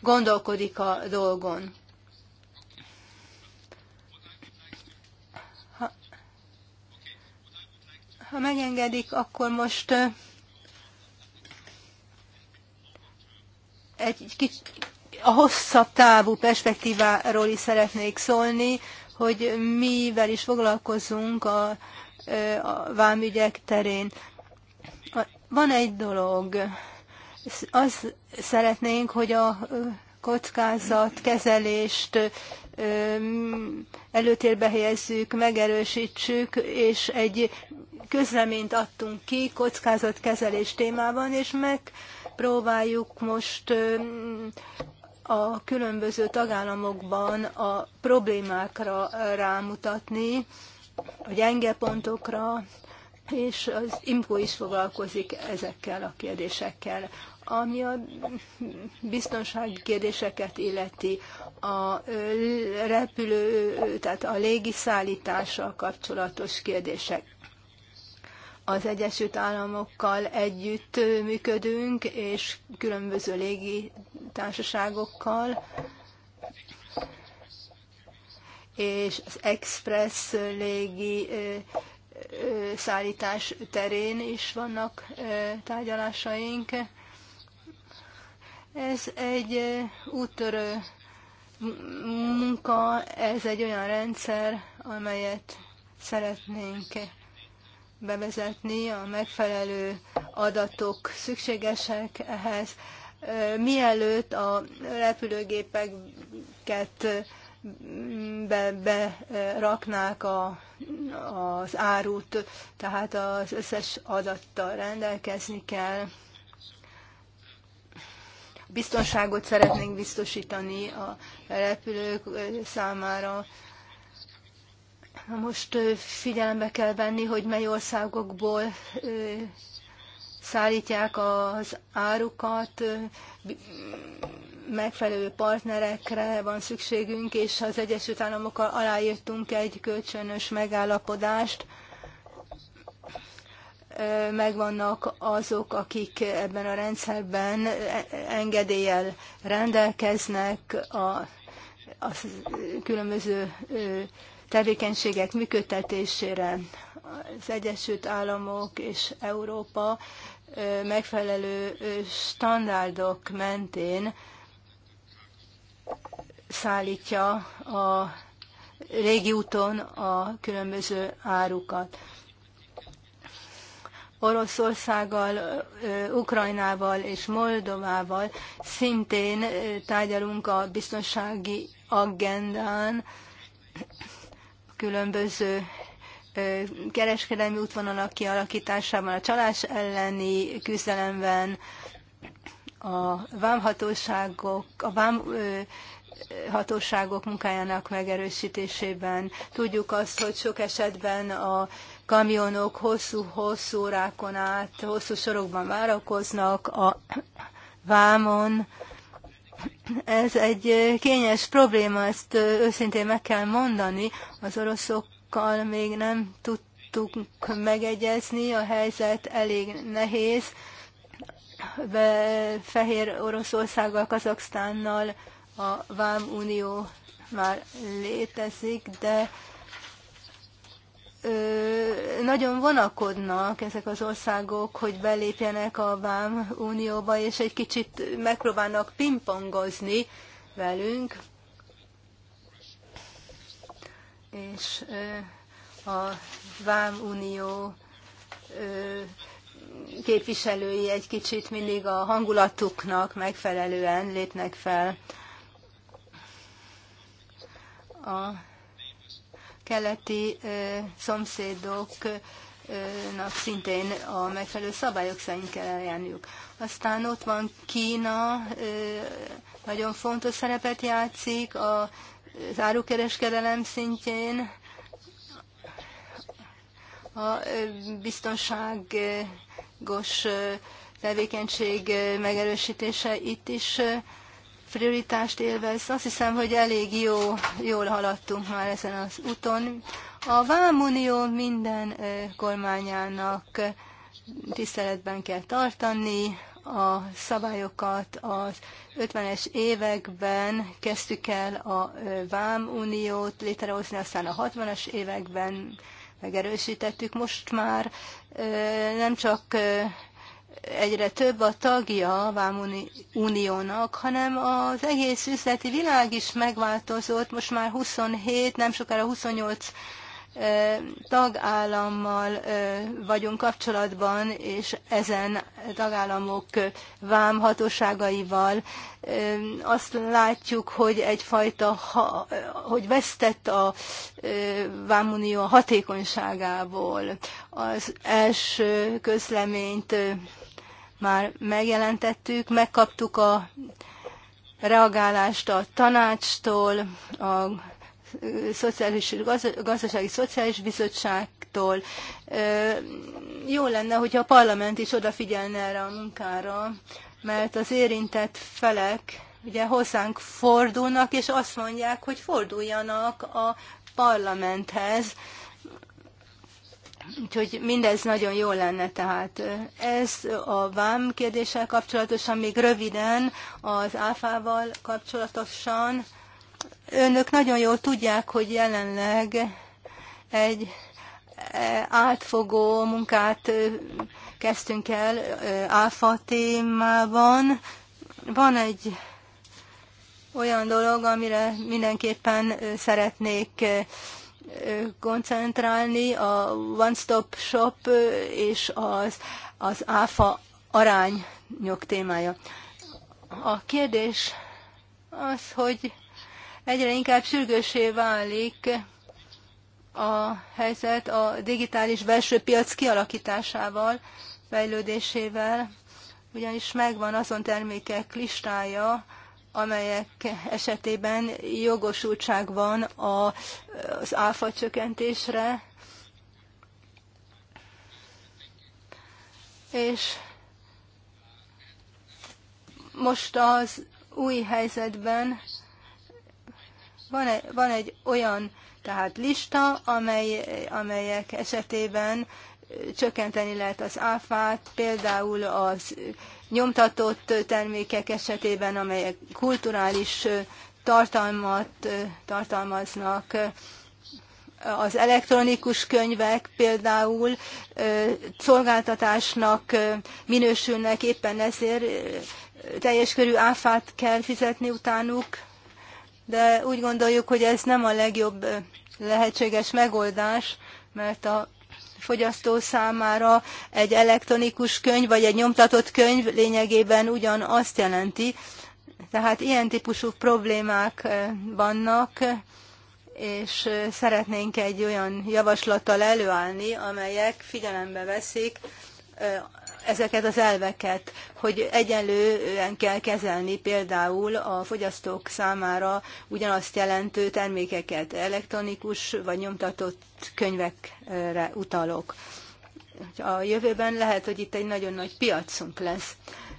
gondolkodik a dolgon. Ha, ha megengedik, akkor most egy kicsi, a hosszabb távú perspektíváról is szeretnék szólni, hogy mivel is foglalkozunk a, a vámügyek terén. Van egy dolog, az szeretnénk, hogy a kezelést előtérbe helyezzük, megerősítsük, és egy közleményt adtunk ki kockázatkezelés témában, és meg próbáljuk most a különböző tagállamokban a problémákra rámutatni, a gyenge pontokra, és az IMCO is foglalkozik ezekkel a kérdésekkel. Ami a biztonsági kérdéseket illeti, a repülő, tehát a légiszállítással kapcsolatos kérdések az Egyesült Államokkal együtt működünk, és különböző légi társaságokkal, és az express légi szállítás terén is vannak tárgyalásaink. Ez egy úttörő munka, ez egy olyan rendszer, amelyet szeretnénk bevezetni, a megfelelő adatok szükségesek ehhez. Mielőtt a repülőgépeket mm, beraknák be a, az árut, tehát az összes adattal rendelkezni kell. Biztonságot szeretnénk biztosítani a repülők számára, most figyelembe kell venni, hogy mely országokból szállítják az árukat, megfelelő partnerekre van szükségünk, és az Egyesült Államokkal aláírtunk egy kölcsönös megállapodást. Megvannak azok, akik ebben a rendszerben engedéllyel rendelkeznek a, a különböző tevékenységek működtetésére. Az Egyesült Államok és Európa megfelelő standardok mentén szállítja a régi úton a különböző árukat. Oroszországgal, Ukrajnával és Moldovával szintén tárgyalunk a biztonsági agendán, különböző kereskedelmi útvonalak kialakításában, a csalás elleni küzdelemben, a vámhatóságok, a vám hatóságok munkájának megerősítésében. Tudjuk azt, hogy sok esetben a kamionok hosszú-hosszú órákon át, hosszú sorokban várakoznak a vámon, ez egy kényes probléma, ezt őszintén meg kell mondani. Az oroszokkal még nem tudtuk megegyezni, a helyzet elég nehéz. Fehér Oroszországgal, Kazaksztánnal a Vám Unió már létezik, de nagyon vonakodnak ezek az országok, hogy belépjenek a Vám Unióba, és egy kicsit megpróbálnak pingpongozni velünk. És a Vám Unió képviselői egy kicsit mindig a hangulatuknak megfelelően lépnek fel. A keleti szomszédoknak szintén a megfelelő szabályok szerint kell eljárniuk. Aztán ott van Kína, nagyon fontos szerepet játszik a árukereskedelem szintjén, a biztonságos tevékenység megerősítése itt is prioritást élvez. Azt hiszem, hogy elég jó, jól haladtunk már ezen az úton. A Vámunió minden kormányának tiszteletben kell tartani, a szabályokat az 50-es években kezdtük el a Vámuniót létrehozni, aztán a 60-as években megerősítettük. Most már nem csak egyre több a tagja a Uniónak, hanem az egész üzleti világ is megváltozott, most már 27, nem sokára 28 tagállammal vagyunk kapcsolatban, és ezen tagállamok vámhatóságaival azt látjuk, hogy egyfajta, hogy vesztett a vámunió hatékonyságából. Az első közleményt már megjelentettük, megkaptuk a reagálást a tanácstól, a Szociális, Gazdasági Szociális Bizottságtól. Jó lenne, hogyha a parlament is odafigyelne erre a munkára, mert az érintett felek ugye hozzánk fordulnak, és azt mondják, hogy forduljanak a parlamenthez, Úgyhogy mindez nagyon jó lenne tehát. Ez a vám kérdéssel kapcsolatosan, még röviden az áfával kapcsolatosan. Önök nagyon jól tudják, hogy jelenleg egy átfogó munkát kezdtünk el áfa témában. Van egy olyan dolog, amire mindenképpen szeretnék koncentrálni a one-stop shop és az, az áfa arányok témája. A kérdés az, hogy egyre inkább sürgősé válik a helyzet a digitális belső piac kialakításával, fejlődésével, ugyanis megvan azon termékek listája, amelyek esetében jogosultság van az áfa csökkentésre, és most az új helyzetben van egy, van egy olyan tehát lista, amely, amelyek esetében csökkenteni lehet az áfát, például az nyomtatott termékek esetében, amelyek kulturális tartalmat tartalmaznak, az elektronikus könyvek például szolgáltatásnak minősülnek, éppen ezért teljes körű áfát kell fizetni utánuk, de úgy gondoljuk, hogy ez nem a legjobb lehetséges megoldás, mert a fogyasztó számára egy elektronikus könyv vagy egy nyomtatott könyv lényegében ugyanazt jelenti. Tehát ilyen típusú problémák eh, vannak, és eh, szeretnénk egy olyan javaslattal előállni, amelyek figyelembe veszik eh, ezeket az elveket, hogy egyenlően kell kezelni például a fogyasztók számára ugyanazt jelentő termékeket, elektronikus vagy nyomtatott könyvekre utalok. A jövőben lehet, hogy itt egy nagyon nagy piacunk lesz.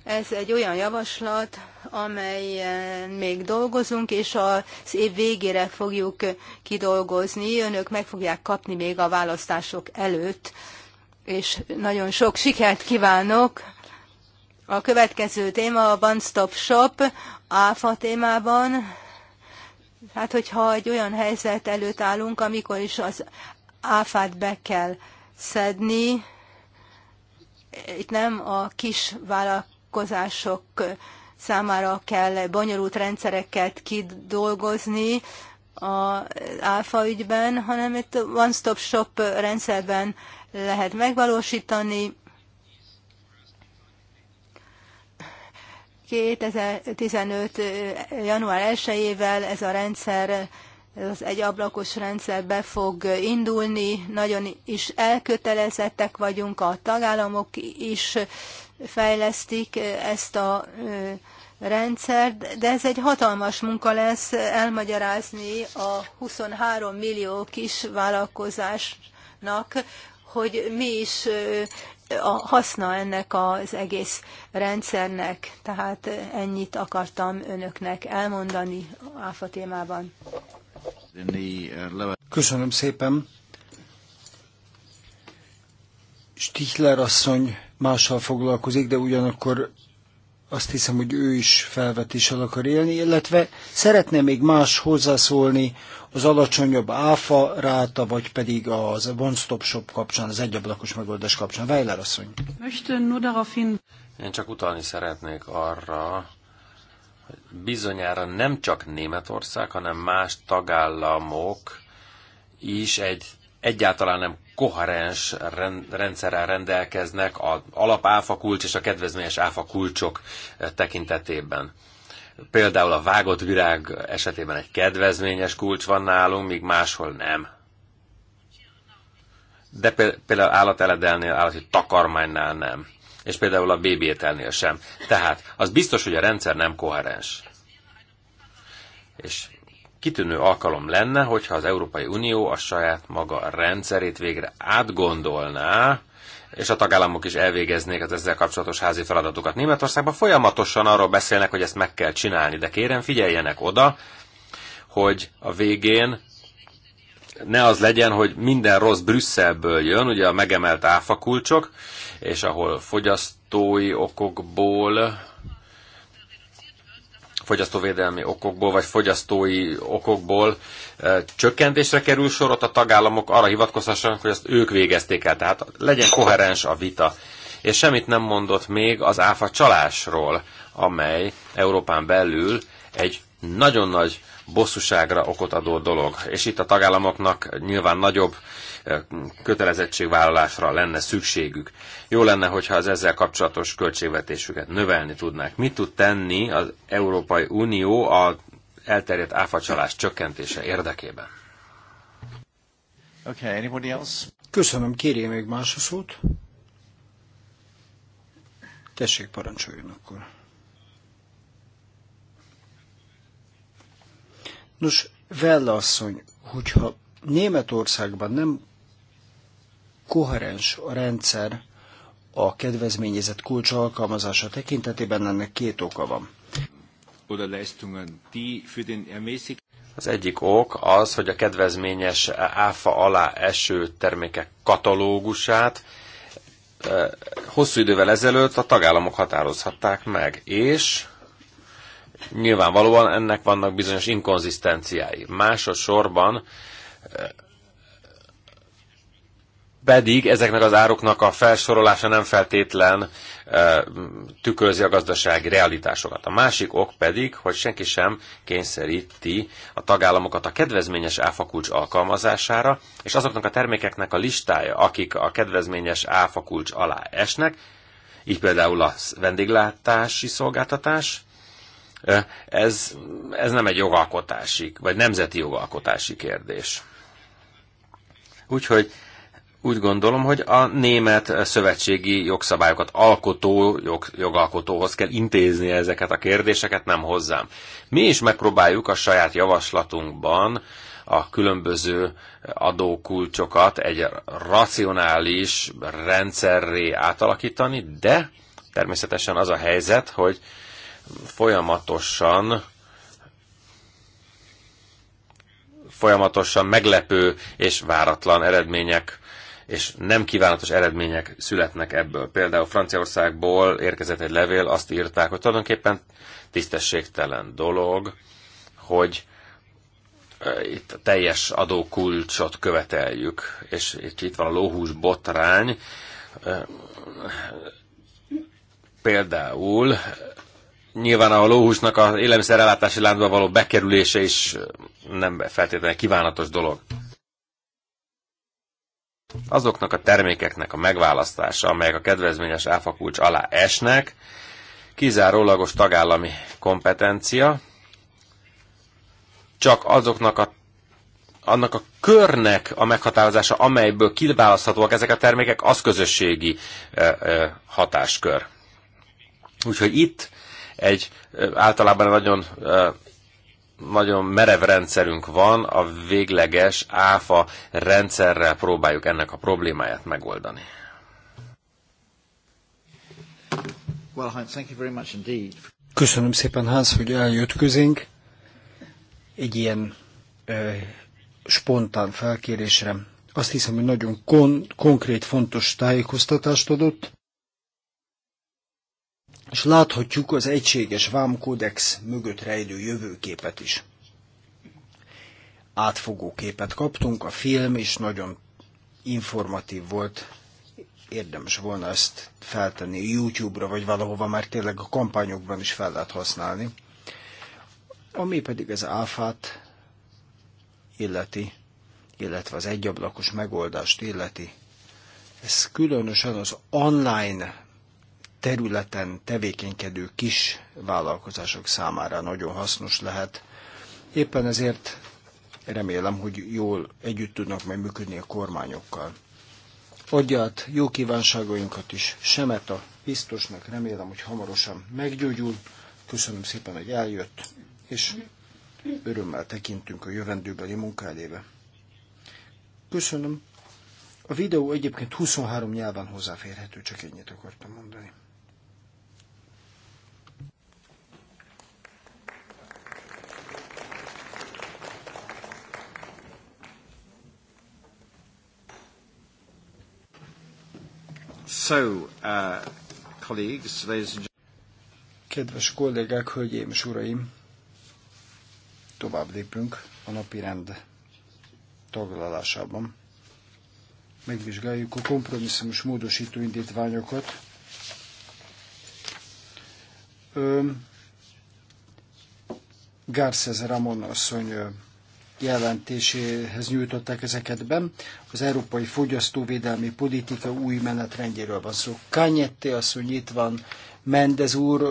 Ez egy olyan javaslat, amelyen még dolgozunk, és az év végére fogjuk kidolgozni. Önök meg fogják kapni még a választások előtt és nagyon sok sikert kívánok. A következő téma a One Stop Shop áfa témában. Hát, hogyha egy olyan helyzet előtt állunk, amikor is az áfát be kell szedni, itt nem a kis vállalkozások számára kell bonyolult rendszereket kidolgozni az áfa ügyben, hanem itt one-stop shop rendszerben lehet megvalósítani. 2015. január 1-ével ez a rendszer, ez egy ablakos rendszer be fog indulni, nagyon is elkötelezettek vagyunk, a tagállamok is fejlesztik ezt a rendszer, de ez egy hatalmas munka lesz elmagyarázni a 23 millió kis vállalkozásnak, hogy mi is a haszna ennek az egész rendszernek. Tehát ennyit akartam önöknek elmondani áfa témában. Köszönöm szépen. Stichler asszony mással foglalkozik, de ugyanakkor azt hiszem, hogy ő is felvetéssel akar élni, illetve szeretne még más hozzászólni az alacsonyabb áfa ráta, vagy pedig az One Stop Shop kapcsán, az egyablakos megoldás kapcsán. Weiler asszony. Én csak utalni szeretnék arra, hogy bizonyára nem csak Németország, hanem más tagállamok is egy egyáltalán nem koherens rendszerrel rendelkeznek az alapáfa kulcs és a kedvezményes áfa kulcsok eh, tekintetében. Például a vágott virág esetében egy kedvezményes kulcs van nálunk, míg máshol nem. De például állateledelnél, állati takarmánynál nem. És például a bébételnél sem. Tehát az biztos, hogy a rendszer nem koherens. És kitűnő alkalom lenne, hogyha az Európai Unió a saját maga rendszerét végre átgondolná, és a tagállamok is elvégeznék az ezzel kapcsolatos házi feladatokat. Németországban folyamatosan arról beszélnek, hogy ezt meg kell csinálni, de kérem figyeljenek oda, hogy a végén ne az legyen, hogy minden rossz Brüsszelből jön, ugye a megemelt áfakulcsok, és ahol fogyasztói okokból fogyasztóvédelmi okokból, vagy fogyasztói okokból e, csökkentésre kerül sor, ott a tagállamok arra hivatkozhassanak, hogy ezt ők végezték el. Tehát legyen koherens a vita. És semmit nem mondott még az áfa csalásról, amely Európán belül egy nagyon nagy bosszúságra okot adó dolog. És itt a tagállamoknak nyilván nagyobb kötelezettségvállalásra lenne szükségük. Jó lenne, hogyha az ezzel kapcsolatos költségvetésüket növelni tudnák. Mit tud tenni az Európai Unió a elterjedt áfacsalás csökkentése érdekében? Okay, anybody else? Köszönöm, kérje még más a szót. Tessék, parancsoljon akkor. Nos, Vella asszony, hogyha Németországban nem koherens a rendszer a kedvezményezett kulcs alkalmazása tekintetében, ennek két oka van. Az egyik ok az, hogy a kedvezményes áfa alá eső termékek katalógusát hosszú idővel ezelőtt a tagállamok határozhatták meg, és nyilvánvalóan ennek vannak bizonyos inkonzisztenciái. Másodszorban pedig ezeknek az ároknak a felsorolása nem feltétlen e, tükrözi a gazdasági realitásokat. A másik ok pedig, hogy senki sem kényszeríti a tagállamokat a kedvezményes áfakulcs alkalmazására, és azoknak a termékeknek a listája, akik a kedvezményes áfakulcs alá esnek, így például a vendéglátási szolgáltatás, ez, ez nem egy jogalkotási, vagy nemzeti jogalkotási kérdés. Úgyhogy úgy gondolom, hogy a német szövetségi jogszabályokat alkotó jog, jogalkotóhoz kell intézni ezeket a kérdéseket, nem hozzám. Mi is megpróbáljuk a saját javaslatunkban a különböző adókulcsokat egy racionális rendszerré átalakítani, de természetesen az a helyzet, hogy folyamatosan folyamatosan meglepő és váratlan eredmények és nem kívánatos eredmények születnek ebből. Például Franciaországból érkezett egy levél, azt írták, hogy tulajdonképpen tisztességtelen dolog, hogy itt a teljes adókulcsot követeljük, és itt van a lóhús botrány. Például nyilván a lóhúsnak az élelmiszerellátási láncba való bekerülése is nem feltétlenül kívánatos dolog. Azoknak a termékeknek a megválasztása, amelyek a kedvezményes áfakulcs alá esnek, kizárólagos tagállami kompetencia, csak azoknak a annak a körnek a meghatározása, amelyből kiválaszthatóak ezek a termékek, az közösségi hatáskör. Úgyhogy itt egy általában nagyon nagyon merev rendszerünk van, a végleges áfa rendszerrel próbáljuk ennek a problémáját megoldani. Well, thank you very much indeed. Köszönöm szépen, Hans, hogy eljött közénk egy ilyen ö, spontán felkérésre. Azt hiszem, hogy nagyon kon- konkrét, fontos tájékoztatást adott és láthatjuk az egységes vámkódex mögött rejlő jövőképet is. Átfogó képet kaptunk, a film is nagyon informatív volt, érdemes volna ezt feltenni YouTube-ra, vagy valahova már tényleg a kampányokban is fel lehet használni. Ami pedig az áfát illeti, illetve az egyablakos megoldást illeti, ez különösen az online területen tevékenykedő kis vállalkozások számára nagyon hasznos lehet. Éppen ezért remélem, hogy jól együtt tudnak majd működni a kormányokkal. Adja jó kívánságainkat is a biztosnak, remélem, hogy hamarosan meggyógyul. Köszönöm szépen, hogy eljött, és örömmel tekintünk a jövendőbeli munkálébe. Köszönöm. A videó egyébként 23 nyelven hozzáférhető, csak ennyit akartam mondani. So, uh, colleagues, ladies and Kedves kollégák, hölgyeim és uraim, tovább lépünk a napi rend taglalásában. Megvizsgáljuk a kompromisszumos módosító indítványokat. Gárszeze Ramon asszony jelentéséhez nyújtották ezeket be. Az Európai Fogyasztóvédelmi Politika új menetrendjéről van szó. Kányetté asszony itt van, Mendez úr,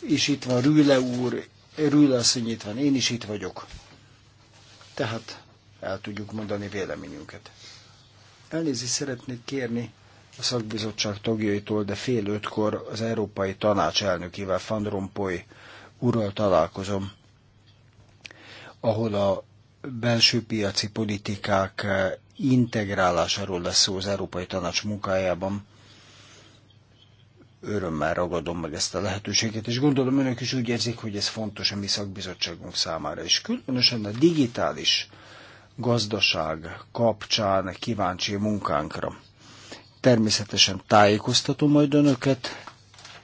és itt van Rüle úr, Rüle asszony itt van, én is itt vagyok. Tehát el tudjuk mondani véleményünket. Elnézést szeretnék kérni a szakbizottság tagjaitól, de fél ötkor az Európai Tanács elnökével Van Rompuy urral találkozom ahol a belső piaci politikák eh, integrálásáról lesz szó az Európai Tanács munkájában. Örömmel ragadom meg ezt a lehetőséget, és gondolom önök is úgy érzik, hogy ez fontos a mi szakbizottságunk számára is. Különösen a digitális gazdaság kapcsán kíváncsi munkánkra. Természetesen tájékoztatom majd önöket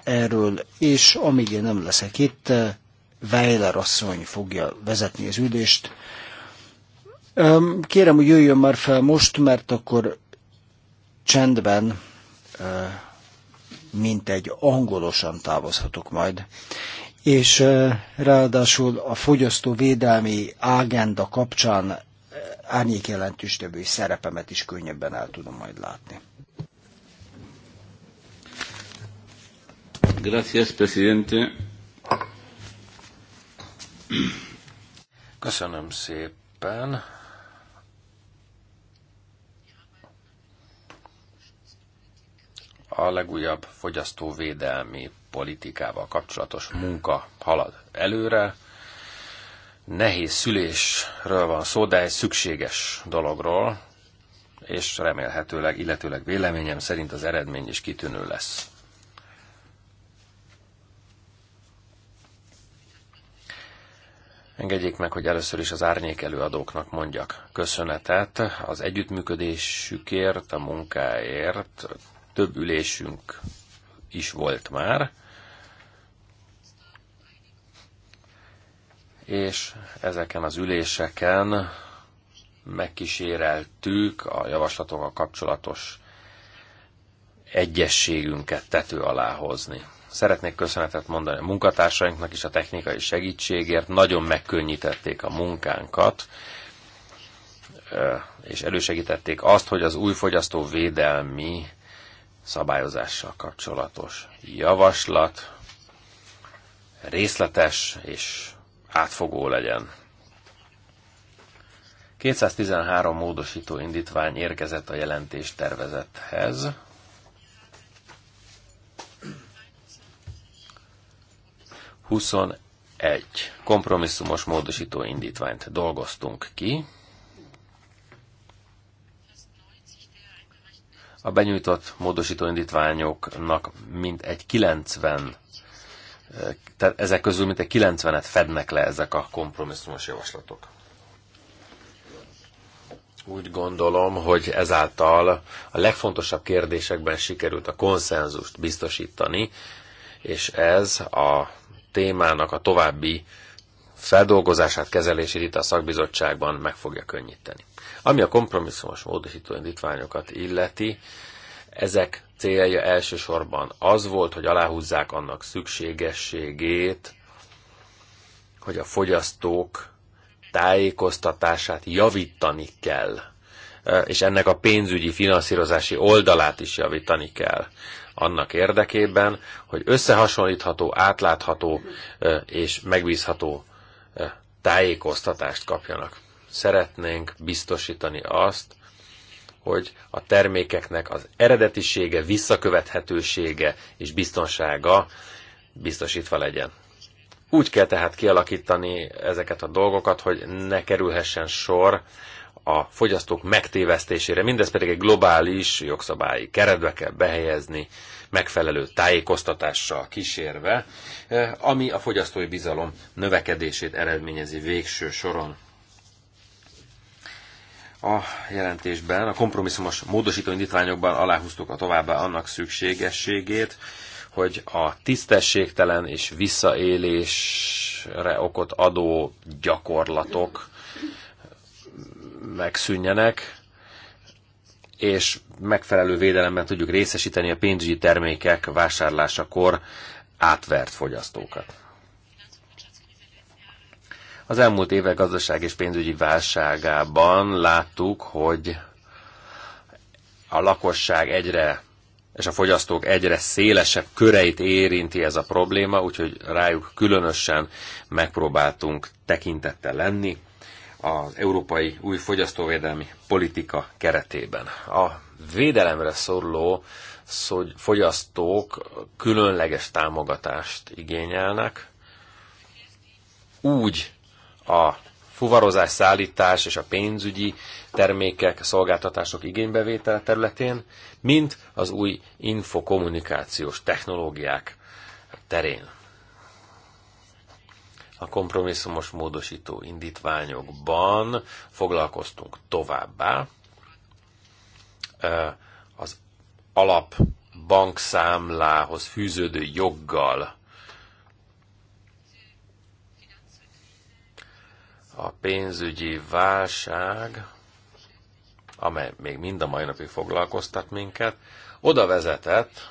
erről, és amíg én nem leszek itt, eh, Weiler asszony fogja vezetni az ülést. Kérem, hogy jöjjön már fel most, mert akkor csendben, mint egy angolosan távozhatok majd. És ráadásul a fogyasztóvédelmi ágenda kapcsán árnyék jelentőstevői szerepemet is könnyebben el tudom majd látni. Gracias, presidente. Köszönöm szépen. A legújabb fogyasztóvédelmi politikával kapcsolatos munka halad előre. Nehéz szülésről van szó, de egy szükséges dologról, és remélhetőleg, illetőleg véleményem szerint az eredmény is kitűnő lesz. Engedjék meg, hogy először is az árnyék előadóknak mondjak köszönetet az együttműködésükért, a munkáért. Több ülésünk is volt már, és ezeken az üléseken megkíséreltük a javaslatokkal kapcsolatos egyességünket tető alá hozni. Szeretnék köszönetet mondani a munkatársainknak is a technikai segítségért. Nagyon megkönnyítették a munkánkat, és elősegítették azt, hogy az új védelmi szabályozással kapcsolatos javaslat részletes és átfogó legyen. 213 módosító indítvány érkezett a jelentés tervezethez, 21 kompromisszumos módosító indítványt dolgoztunk ki. A benyújtott módosító indítványoknak mintegy 90 tehát ezek közül mintegy 90-et fednek le ezek a kompromisszumos javaslatok. Úgy gondolom, hogy ezáltal a legfontosabb kérdésekben sikerült a konszenzust biztosítani, és ez a témának a további feldolgozását, kezelését itt a szakbizottságban meg fogja könnyíteni. Ami a kompromisszumos módosító indítványokat illeti, ezek célja elsősorban az volt, hogy aláhúzzák annak szükségességét, hogy a fogyasztók tájékoztatását javítani kell, és ennek a pénzügyi finanszírozási oldalát is javítani kell annak érdekében, hogy összehasonlítható, átlátható és megbízható tájékoztatást kapjanak. Szeretnénk biztosítani azt, hogy a termékeknek az eredetisége, visszakövethetősége és biztonsága biztosítva legyen. Úgy kell tehát kialakítani ezeket a dolgokat, hogy ne kerülhessen sor a fogyasztók megtévesztésére, mindez pedig egy globális jogszabályi keretbe kell behelyezni, megfelelő tájékoztatással kísérve, eh, ami a fogyasztói bizalom növekedését eredményezi végső soron. A jelentésben, a kompromisszumos módosító indítványokban aláhúztuk a továbbá annak szükségességét, hogy a tisztességtelen és visszaélésre okot adó gyakorlatok megszűnjenek, és megfelelő védelemben tudjuk részesíteni a pénzügyi termékek vásárlásakor átvert fogyasztókat. Az elmúlt évek gazdaság és pénzügyi válságában láttuk, hogy a lakosság egyre és a fogyasztók egyre szélesebb köreit érinti ez a probléma, úgyhogy rájuk különösen megpróbáltunk tekintettel lenni az európai új fogyasztóvédelmi politika keretében. A védelemre szoruló fogyasztók különleges támogatást igényelnek, úgy a fuvarozás, szállítás és a pénzügyi termékek, szolgáltatások igénybevétele területén, mint az új infokommunikációs technológiák terén. A kompromisszumos módosító indítványokban foglalkoztunk továbbá az alap bankszámlához fűződő joggal a pénzügyi válság, amely még mind a mai napig foglalkoztat minket, oda vezetett,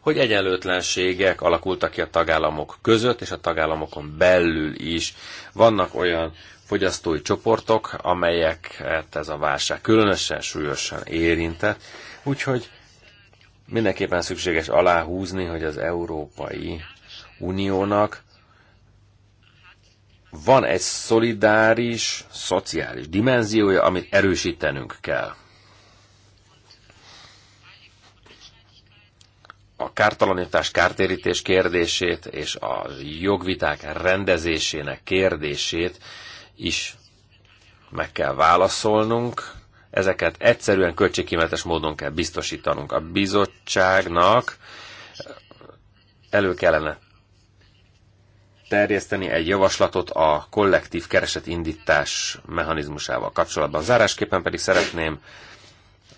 hogy egyenlőtlenségek alakultak ki a tagállamok között és a tagállamokon belül is. Vannak olyan fogyasztói csoportok, amelyeket ez a válság különösen súlyosan érintett, úgyhogy mindenképpen szükséges aláhúzni, hogy az Európai Uniónak van egy szolidáris, szociális dimenziója, amit erősítenünk kell. kártalanítás, kártérítés kérdését és a jogviták rendezésének kérdését is meg kell válaszolnunk. Ezeket egyszerűen költségkímetes módon kell biztosítanunk. A bizottságnak elő kellene terjeszteni egy javaslatot a kollektív keresetindítás mechanizmusával kapcsolatban. Zárásképpen pedig szeretném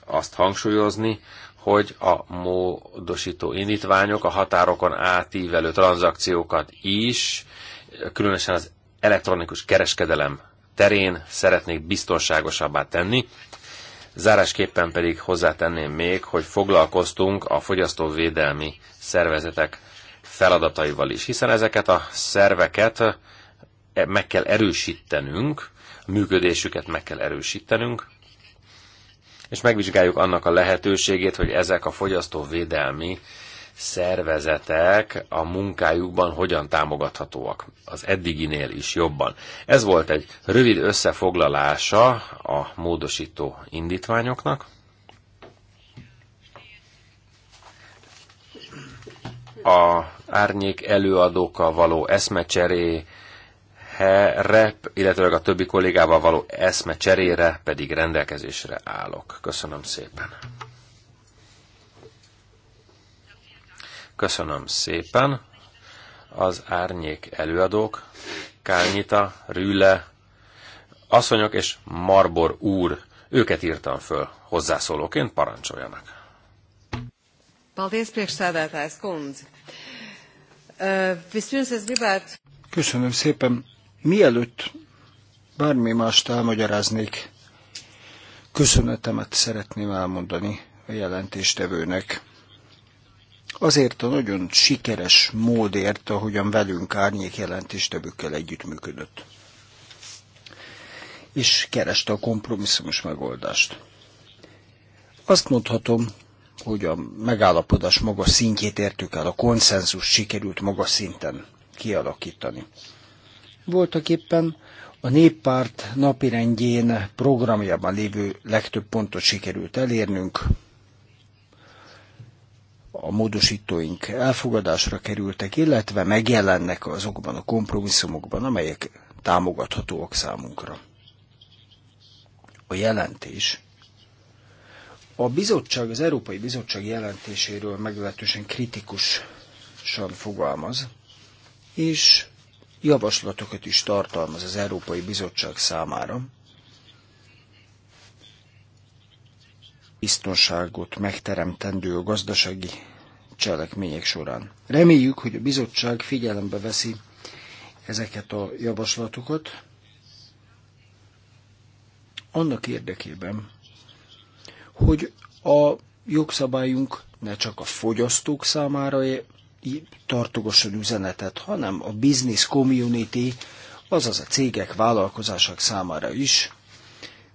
azt hangsúlyozni, hogy a módosító indítványok a határokon átívelő tranzakciókat is, különösen az elektronikus kereskedelem terén szeretnék biztonságosabbá tenni. Zárásképpen pedig hozzátenném még, hogy foglalkoztunk a fogyasztóvédelmi szervezetek feladataival is, hiszen ezeket a szerveket meg kell erősítenünk, működésüket meg kell erősítenünk, és megvizsgáljuk annak a lehetőségét, hogy ezek a fogyasztóvédelmi szervezetek a munkájukban hogyan támogathatóak, az eddiginél is jobban. Ez volt egy rövid összefoglalása a módosító indítványoknak. A árnyék előadókkal való eszmecseré rep, illetőleg a többi kollégával való eszme cserére pedig rendelkezésre állok. Köszönöm szépen. Köszönöm szépen az árnyék előadók, Kányita, Rüle, asszonyok és Marbor úr. Őket írtam föl hozzászólóként, parancsoljanak. Köszönöm szépen. Mielőtt bármi mást elmagyaráznék, köszönetemet szeretném elmondani a jelentéstevőnek. Azért a nagyon sikeres módért, ahogyan velünk árnyék jelentéstevőkkel együttműködött. És kereste a kompromisszumos megoldást. Azt mondhatom, hogy a megállapodás magas szintjét értük el, a konszenzus sikerült magas szinten kialakítani voltak éppen a néppárt napirendjén programjában lévő legtöbb pontot sikerült elérnünk. A módosítóink elfogadásra kerültek, illetve megjelennek azokban a kompromisszumokban, amelyek támogathatóak számunkra. A jelentés a bizottság, az Európai Bizottság jelentéséről meglehetősen kritikusan fogalmaz, és javaslatokat is tartalmaz az Európai Bizottság számára. Biztonságot megteremtendő a gazdasági cselekmények során. Reméljük, hogy a bizottság figyelembe veszi ezeket a javaslatokat, annak érdekében, hogy a jogszabályunk ne csak a fogyasztók számára tartogasson üzenetet, hanem a business community, azaz a cégek, vállalkozások számára is,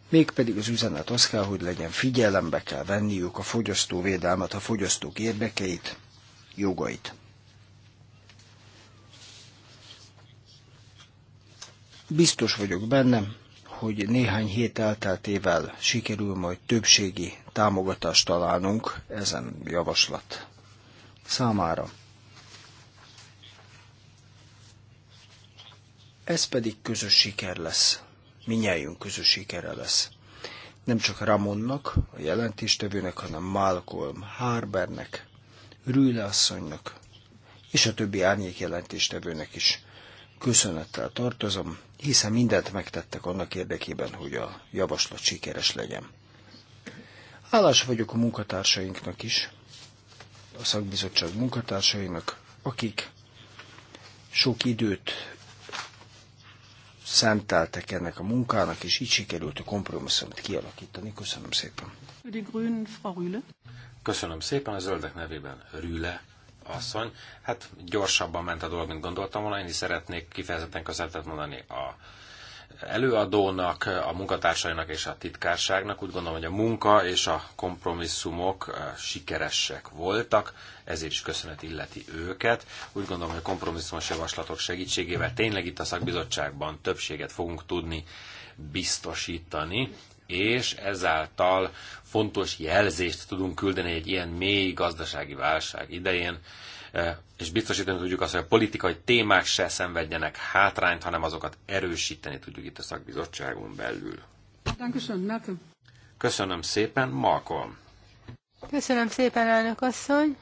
mégpedig az üzenet az kell, hogy legyen figyelembe kell venniük a fogyasztóvédelmet, a fogyasztók érdekeit, jogait. Biztos vagyok benne, hogy néhány hét elteltével sikerül majd többségi támogatást találnunk ezen javaslat számára. Ez pedig közös siker lesz. Minnyájunk közös sikere lesz. Nem csak Ramonnak, a jelentéstevőnek, hanem Malcolm Harbernek, Rüle asszonynak, és a többi árnyék jelentéstevőnek is köszönettel tartozom, hiszen mindent megtettek annak érdekében, hogy a javaslat sikeres legyen. Állás vagyok a munkatársainknak is, a szakbizottság munkatársainak, akik sok időt szenteltek ennek a munkának, és így sikerült a kompromisszumot kialakítani. Köszönöm szépen. Köszönöm szépen a zöldek nevében. Rüle asszony. Hát gyorsabban ment a dolog, mint gondoltam volna. Én is szeretnék kifejezetten köszönetet mondani a előadónak, a munkatársainak és a titkárságnak. Úgy gondolom, hogy a munka és a kompromisszumok eh, sikeresek voltak, ezért is köszönet illeti őket. Úgy gondolom, hogy a kompromisszumos javaslatok segítségével tényleg itt a szakbizottságban többséget fogunk tudni biztosítani, és ezáltal fontos jelzést tudunk küldeni egy ilyen mély gazdasági válság idején, Eh, és biztosítani tudjuk azt, hogy a politikai témák se szenvedjenek hátrányt, hanem azokat erősíteni tudjuk itt a szakbizottságon belül. Köszönöm szépen, Malcolm. Köszönöm szépen, elnök asszony.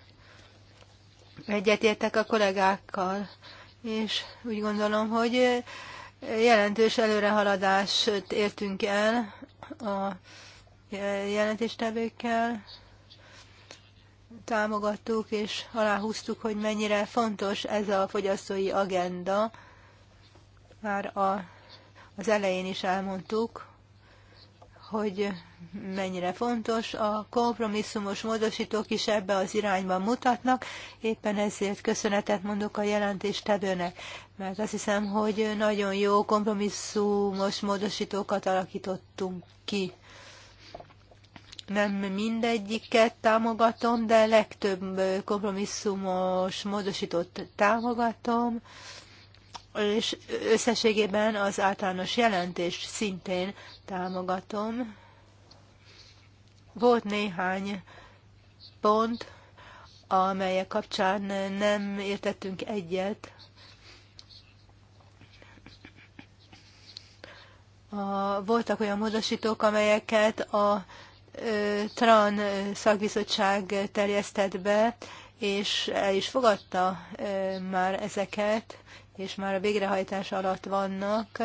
Egyetértek a kollégákkal, és úgy gondolom, hogy jelentős előrehaladást értünk el a jelentéstevőkkel, támogattuk és aláhúztuk, hogy mennyire fontos ez a fogyasztói agenda. Már a, az elején is elmondtuk, hogy mennyire fontos. A kompromisszumos módosítók is ebbe az irányba mutatnak, éppen ezért köszönetet mondok a jelentéstevőnek, mert azt hiszem, hogy nagyon jó kompromisszumos módosítókat alakítottunk ki nem mindegyiket támogatom, de legtöbb kompromisszumos módosítót támogatom, és összességében az általános jelentést szintén támogatom. Volt néhány pont, amelyek kapcsán nem értettünk egyet. voltak olyan módosítók, amelyeket a TRAN szakbizottság terjesztett be, és el is fogadta már ezeket, és már a végrehajtás alatt vannak.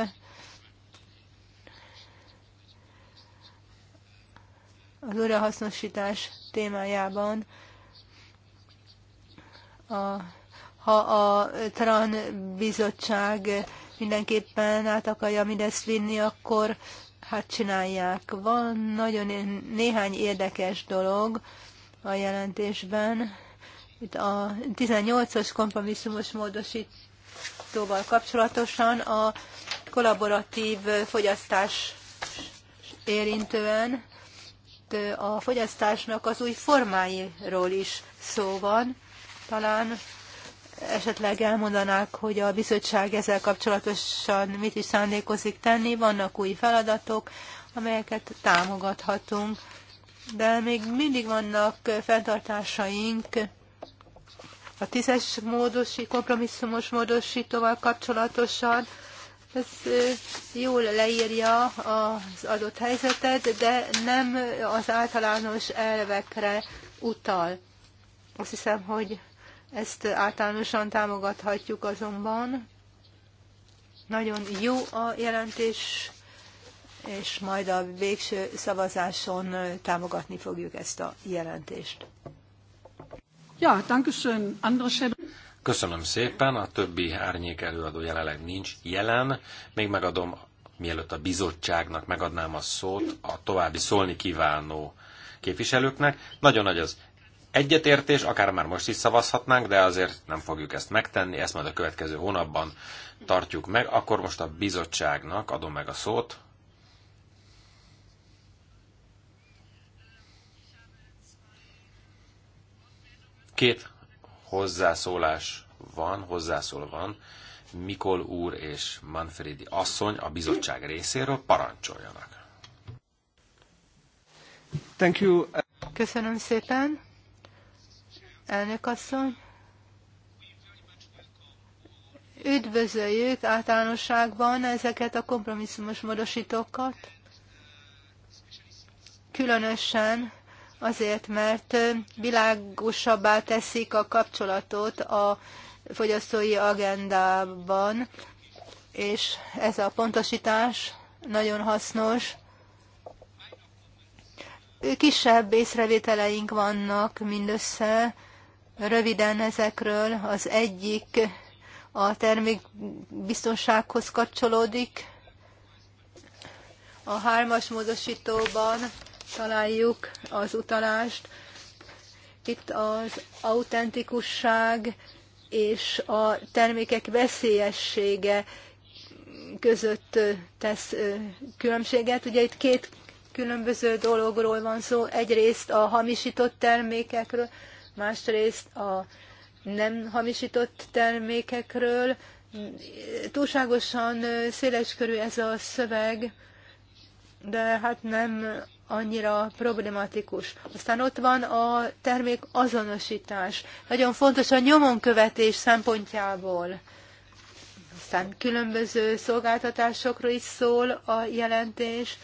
Az újrahasznosítás témájában a, ha a TRAN bizottság mindenképpen át akarja mindezt vinni, akkor hát csinálják. Van nagyon néhány érdekes dolog a jelentésben. Itt a 18-as kompromisszumos módosítóval kapcsolatosan a kollaboratív fogyasztás érintően a fogyasztásnak az új formáiról is szó van. Talán esetleg elmondanák, hogy a bizottság ezzel kapcsolatosan mit is szándékozik tenni, vannak új feladatok, amelyeket támogathatunk, de még mindig vannak fenntartásaink a tízes módosi, kompromisszumos módosítóval kapcsolatosan. Ez jól leírja az adott helyzetet, de nem az általános elvekre utal. Azt hiszem, hogy ezt általánosan támogathatjuk azonban. Nagyon jó a jelentés, és majd a végső szavazáson támogatni fogjuk ezt a jelentést. Ja, dankeschön. András Köszönöm szépen, a többi árnyék előadó jelenleg nincs jelen. Még megadom, mielőtt a bizottságnak megadnám a szót, a további szólni kívánó képviselőknek. Nagyon nagy az egyetértés, akár már most is szavazhatnánk, de azért nem fogjuk ezt megtenni, ezt majd a következő hónapban tartjuk meg. Akkor most a bizottságnak adom meg a szót. Két hozzászólás van, hozzászól van. Mikol úr és Manfredi asszony a bizottság részéről parancsoljanak. Thank you. Köszönöm szépen. Elnök asszony. Üdvözöljük általánosságban ezeket a kompromisszumos módosítókat, különösen azért, mert világosabbá teszik a kapcsolatot a fogyasztói agendában, és ez a pontosítás nagyon hasznos. Kisebb észrevételeink vannak mindössze, röviden ezekről. Az egyik a termékbiztonsághoz kapcsolódik. A hármas módosítóban találjuk az utalást. Itt az autentikusság és a termékek veszélyessége között tesz különbséget. Ugye itt két különböző dologról van szó. Egyrészt a hamisított termékekről, másrészt a nem hamisított termékekről. Túlságosan széleskörű ez a szöveg, de hát nem annyira problematikus. Aztán ott van a termék azonosítás. Nagyon fontos a nyomonkövetés követés szempontjából. Aztán különböző szolgáltatásokról is szól a jelentés.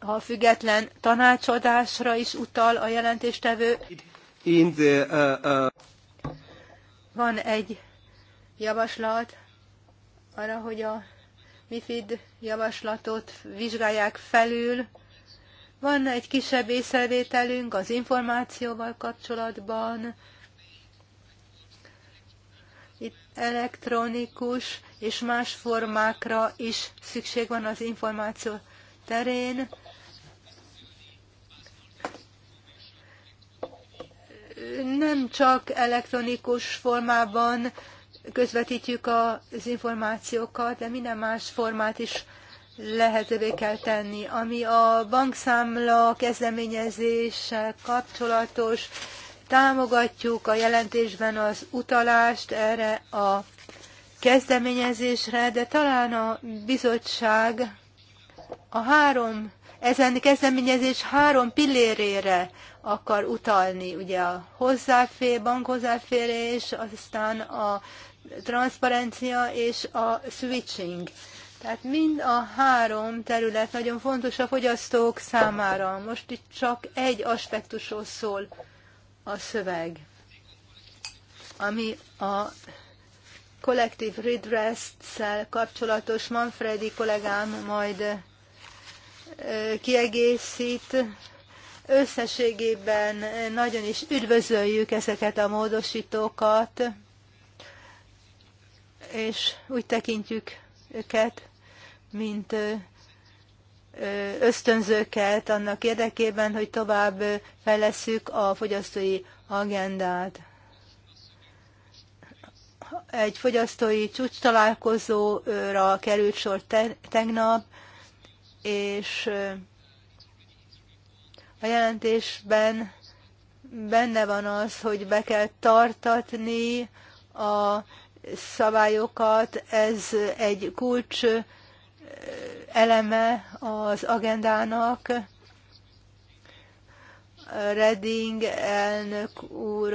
A független tanácsadásra is utal a jelentéstevő. Uh, uh, van egy javaslat arra, hogy a MIFID javaslatot vizsgálják felül. Van egy kisebb észrevételünk az információval kapcsolatban. Itt elektronikus és más formákra is szükség van az információ terén. nem csak elektronikus formában közvetítjük az információkat, de minden más formát is lehetővé kell tenni. Ami a bankszámla kezdeményezéssel kapcsolatos, támogatjuk a jelentésben az utalást erre a kezdeményezésre, de talán a bizottság a három, ezen kezdeményezés három pillérére, akar utalni. Ugye a hozzáfér, hozzáférés, aztán a transzparencia és a switching. Tehát mind a három terület nagyon fontos a fogyasztók számára. Most itt csak egy aspektusról szól a szöveg, ami a Collective redress-szel kapcsolatos Manfredi kollégám majd kiegészít Összességében nagyon is üdvözöljük ezeket a módosítókat, és úgy tekintjük őket, mint ösztönzőket annak érdekében, hogy tovább fejleszük a fogyasztói agendát. Egy fogyasztói csúcs találkozóra került sor tegnap, és a jelentésben benne van az, hogy be kell tartatni a szabályokat, ez egy kulcs eleme az agendának. Reding elnök úr,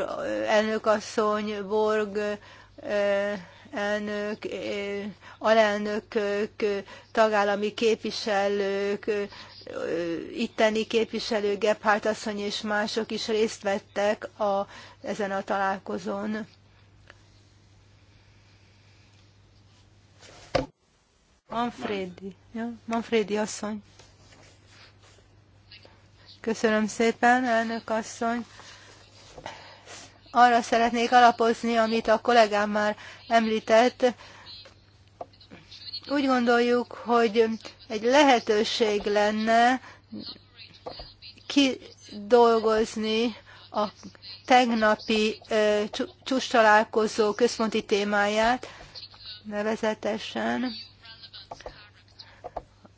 asszony, Borg elnök, alelnökök, tagállami képviselők, itteni képviselő Gebhardt asszony és mások is részt vettek a, ezen a találkozón. Manfredi, ja? Manfredi asszony. Köszönöm szépen, elnök asszony. Arra szeretnék alapozni, amit a kollégám már említett. Úgy gondoljuk, hogy egy lehetőség lenne kidolgozni a tegnapi csúcs találkozó központi témáját, nevezetesen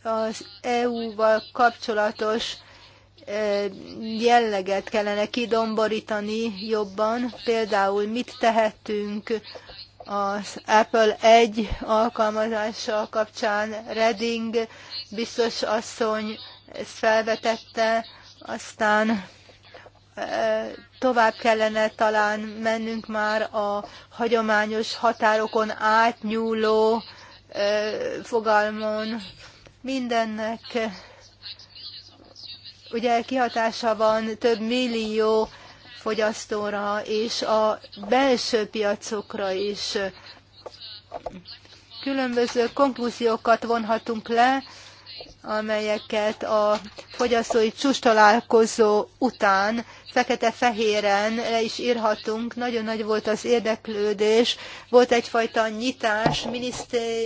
az EU-val kapcsolatos jelleget kellene kidomborítani jobban, például mit tehetünk az Apple 1 alkalmazása kapcsán Reding biztos asszony ezt felvetette, aztán tovább kellene talán mennünk már a hagyományos határokon átnyúló fogalmon. Mindennek ugye kihatása van több millió fogyasztóra és a belső piacokra is. Különböző konklúziókat vonhatunk le, amelyeket a fogyasztói csústalálkozó után fekete-fehéren le is írhatunk. Nagyon nagy volt az érdeklődés, volt egyfajta nyitás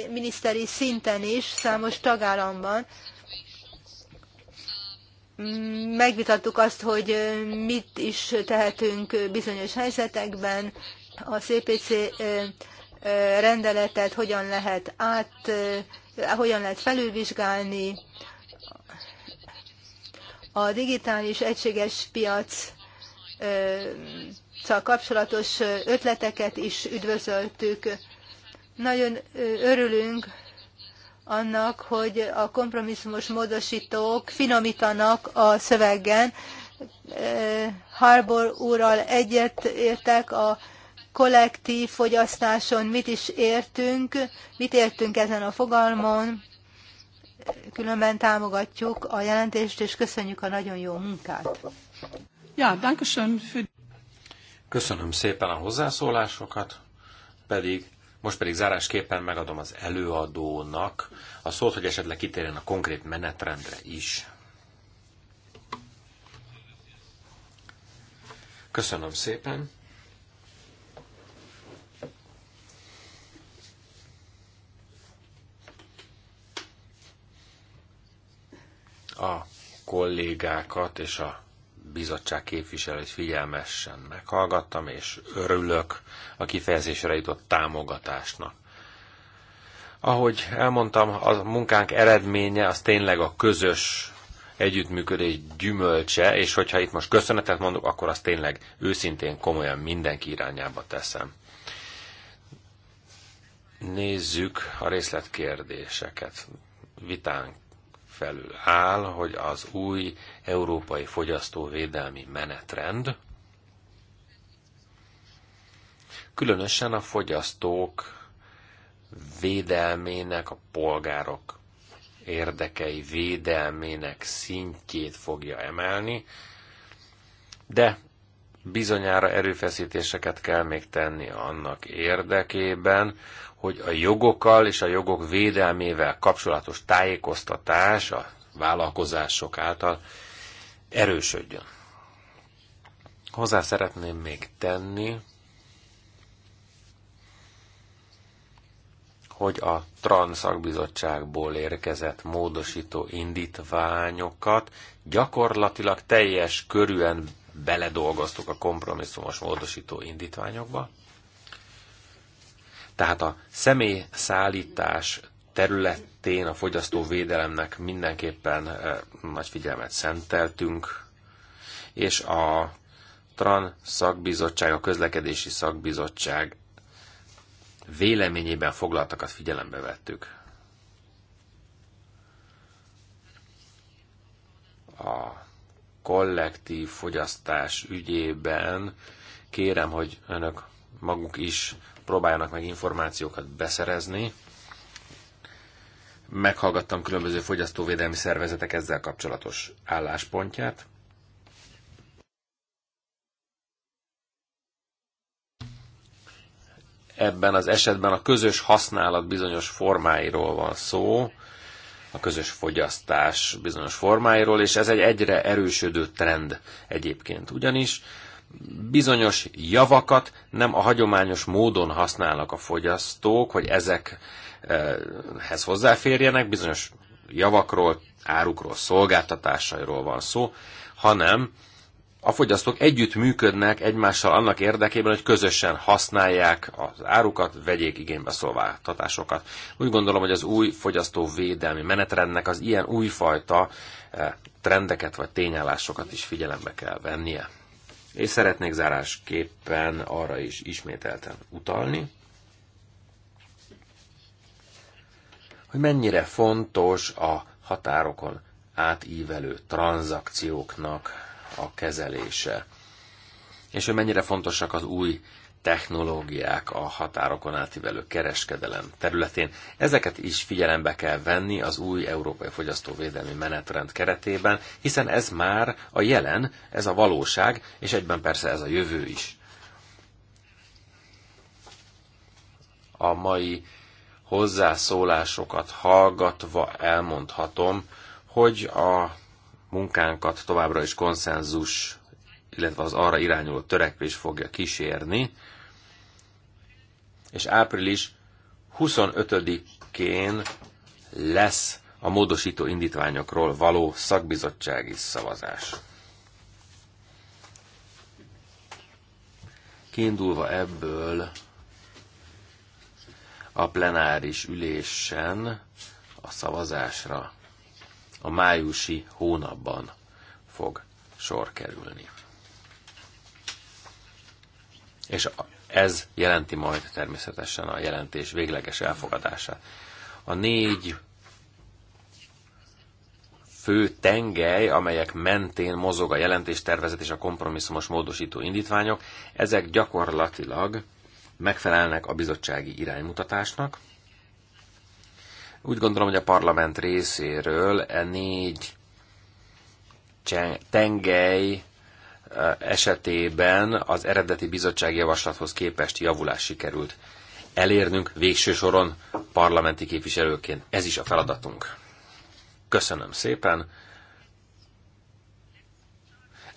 miniszteri szinten is számos tagállamban megvitattuk azt, hogy mit is tehetünk bizonyos helyzetekben, a CPC rendeletet hogyan lehet át, hogyan lehet felülvizsgálni, a digitális egységes piac kapcsolatos ötleteket is üdvözöltük. Nagyon örülünk annak, hogy a kompromisszumos módosítók finomítanak a szövegen. Harbour úrral egyetértek a kollektív fogyasztáson mit is értünk, mit értünk ezen a fogalmon. Különben támogatjuk a jelentést, és köszönjük a nagyon jó munkát. Ja, Köszönöm szépen a hozzászólásokat, pedig most pedig zárásképpen megadom az előadónak a szót, hogy esetleg kitérjen a konkrét menetrendre is. Köszönöm szépen. A kollégákat és a bizottság képviselőt figyelmesen meghallgattam, és örülök a kifejezésre jutott támogatásnak. Ahogy elmondtam, a munkánk eredménye az tényleg a közös együttműködés gyümölcse, és hogyha itt most köszönetet mondok, akkor azt tényleg őszintén, komolyan mindenki irányába teszem. Nézzük a részletkérdéseket. Vitánk felül áll, hogy az új európai fogyasztóvédelmi menetrend, különösen a fogyasztók védelmének, a polgárok érdekei védelmének szintjét fogja emelni, de bizonyára erőfeszítéseket kell még tenni annak érdekében, hogy a jogokkal és a jogok védelmével kapcsolatos tájékoztatás a vállalkozások által erősödjön. Hozzá szeretném még tenni, hogy a Transzakbizottságból érkezett módosító indítványokat gyakorlatilag teljes körűen beledolgoztuk a kompromisszumos módosító indítványokba. Tehát a személyszállítás területén a fogyasztóvédelemnek mindenképpen eh, nagy figyelmet szenteltünk, és a TRAN szakbizottság, a közlekedési szakbizottság véleményében foglaltakat figyelembe vettük. A kollektív fogyasztás ügyében kérem, hogy önök maguk is próbáljanak meg információkat beszerezni. Meghallgattam különböző fogyasztóvédelmi szervezetek ezzel kapcsolatos álláspontját. Ebben az esetben a közös használat bizonyos formáiról van szó, a közös fogyasztás bizonyos formáiról, és ez egy egyre erősödő trend egyébként. Ugyanis bizonyos javakat nem a hagyományos módon használnak a fogyasztók, hogy ezekhez eh, hozzáférjenek, bizonyos javakról, árukról, szolgáltatásairól van szó, hanem a fogyasztók együtt működnek egymással annak érdekében, hogy közösen használják az árukat, vegyék igénybe szolgáltatásokat. Úgy gondolom, hogy az új fogyasztóvédelmi menetrendnek az ilyen újfajta eh, trendeket vagy tényállásokat is figyelembe kell vennie és szeretnék zárásképpen arra is ismételten utalni, hogy mennyire fontos a határokon átívelő tranzakcióknak a kezelése, és hogy mennyire fontosak az új technológiák a határokon átívelő kereskedelem területén. Ezeket is figyelembe kell venni az új Európai Fogyasztóvédelmi Menetrend keretében, hiszen ez már a jelen, ez a valóság, és egyben persze ez a jövő is. A mai hozzászólásokat hallgatva elmondhatom, hogy a munkánkat továbbra is konszenzus illetve az arra irányuló törekvés fogja kísérni és április 25-én lesz a módosító indítványokról való szakbizottsági szavazás. Kiindulva ebből a plenáris ülésen a szavazásra a májusi hónapban fog sor kerülni. És ez jelenti majd természetesen a jelentés végleges elfogadását. A négy fő tengely, amelyek mentén mozog a jelentéstervezet és a kompromisszumos módosító indítványok, ezek gyakorlatilag megfelelnek a bizottsági iránymutatásnak. Úgy gondolom, hogy a parlament részéről e négy tengely esetében az eredeti bizottsági javaslathoz képest javulás sikerült elérnünk végső soron parlamenti képviselőként. Ez is a feladatunk. Köszönöm szépen.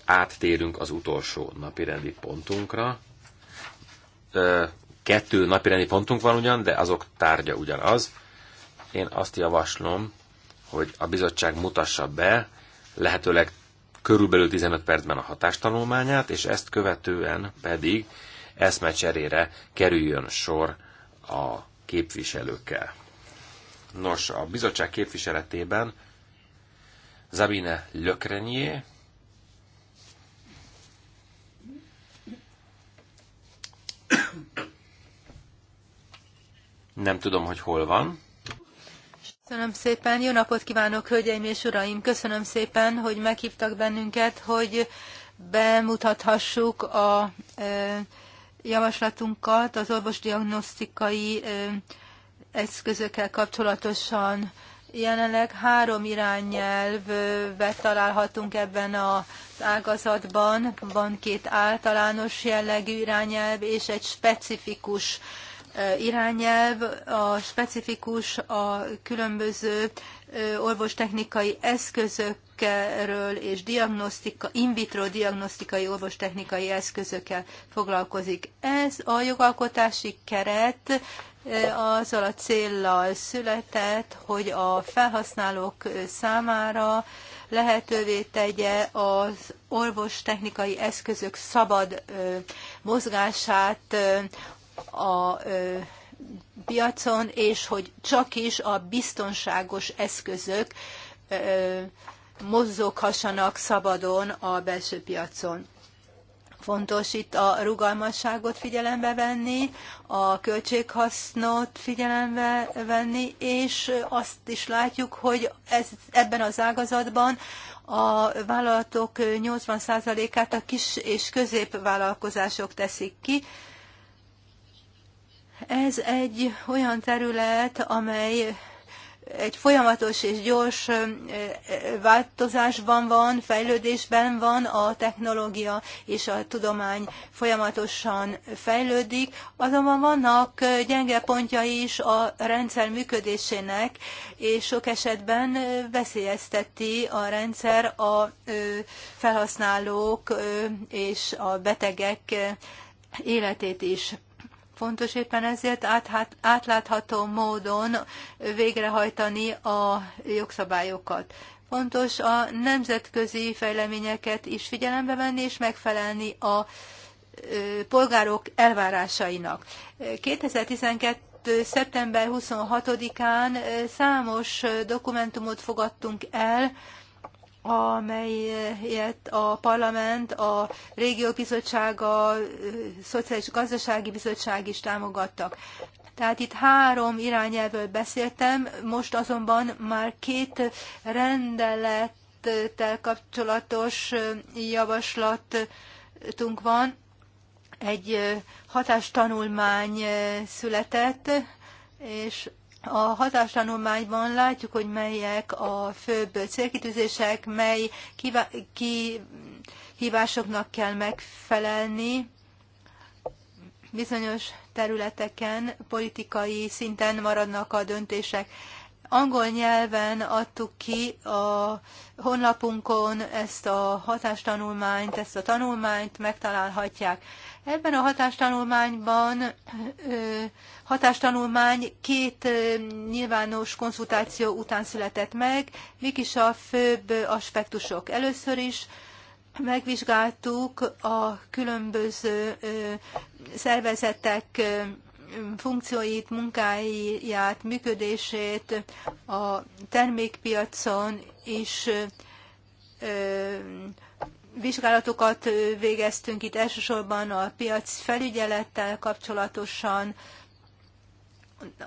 Áttérünk az utolsó napirendi pontunkra. Kettő napirendi pontunk van ugyan, de azok tárgya ugyanaz. Én azt javaslom, hogy a bizottság mutassa be lehetőleg körülbelül 15 percben a hatástanulmányát, és ezt követően pedig eszmecserére kerüljön sor a képviselőkkel. Nos, a bizottság képviseletében Zabine Lökrenyé, nem tudom, hogy hol van, Köszönöm szépen, jó napot kívánok, hölgyeim és uraim! Köszönöm szépen, hogy meghívtak bennünket, hogy bemutathassuk a javaslatunkat az orvosdiagnosztikai eszközökkel kapcsolatosan. Jelenleg három irányelvet találhatunk ebben az ágazatban. Van két általános jellegű irányelv és egy specifikus irányelv a specifikus a különböző orvostechnikai eszközökről és diagnosztika, in vitro diagnosztikai orvostechnikai eszközökkel foglalkozik. Ez a jogalkotási keret azzal a céllal született, hogy a felhasználók számára lehetővé tegye az orvostechnikai eszközök szabad mozgását a piacon, és hogy csak is a biztonságos eszközök mozoghassanak szabadon a belső piacon. Fontos itt a rugalmasságot figyelembe venni, a költséghasznot figyelembe venni, és azt is látjuk, hogy ez, ebben az ágazatban a vállalatok 80%-át a kis és középvállalkozások teszik ki, ez egy olyan terület, amely egy folyamatos és gyors változásban van, fejlődésben van, a technológia és a tudomány folyamatosan fejlődik, azonban vannak gyenge pontjai is a rendszer működésének, és sok esetben veszélyezteti a rendszer a felhasználók és a betegek életét is. Fontos éppen ezért áthát, átlátható módon végrehajtani a jogszabályokat. Fontos a nemzetközi fejleményeket is figyelembe venni és megfelelni a polgárok elvárásainak. 2012 szeptember 26-án számos dokumentumot fogadtunk el, amelyet a parlament, a régió bizottsága, a szociális gazdasági bizottság is támogattak. Tehát itt három irányelvről beszéltem, most azonban már két rendelettel kapcsolatos javaslatunk van. Egy hatástanulmány született, és a hatástanulmányban látjuk, hogy melyek a főbb célkitűzések, mely kihívásoknak kell megfelelni bizonyos területeken, politikai szinten maradnak a döntések. Angol nyelven adtuk ki a honlapunkon ezt a hatástanulmányt, ezt a tanulmányt megtalálhatják. Ebben a hatástanulmányban hatástanulmány két nyilvános konzultáció után született meg. Mik is a főbb aspektusok? Először is megvizsgáltuk a különböző szervezetek funkcióit, munkáját, működését a termékpiacon is vizsgálatokat végeztünk itt elsősorban a piac felügyelettel kapcsolatosan.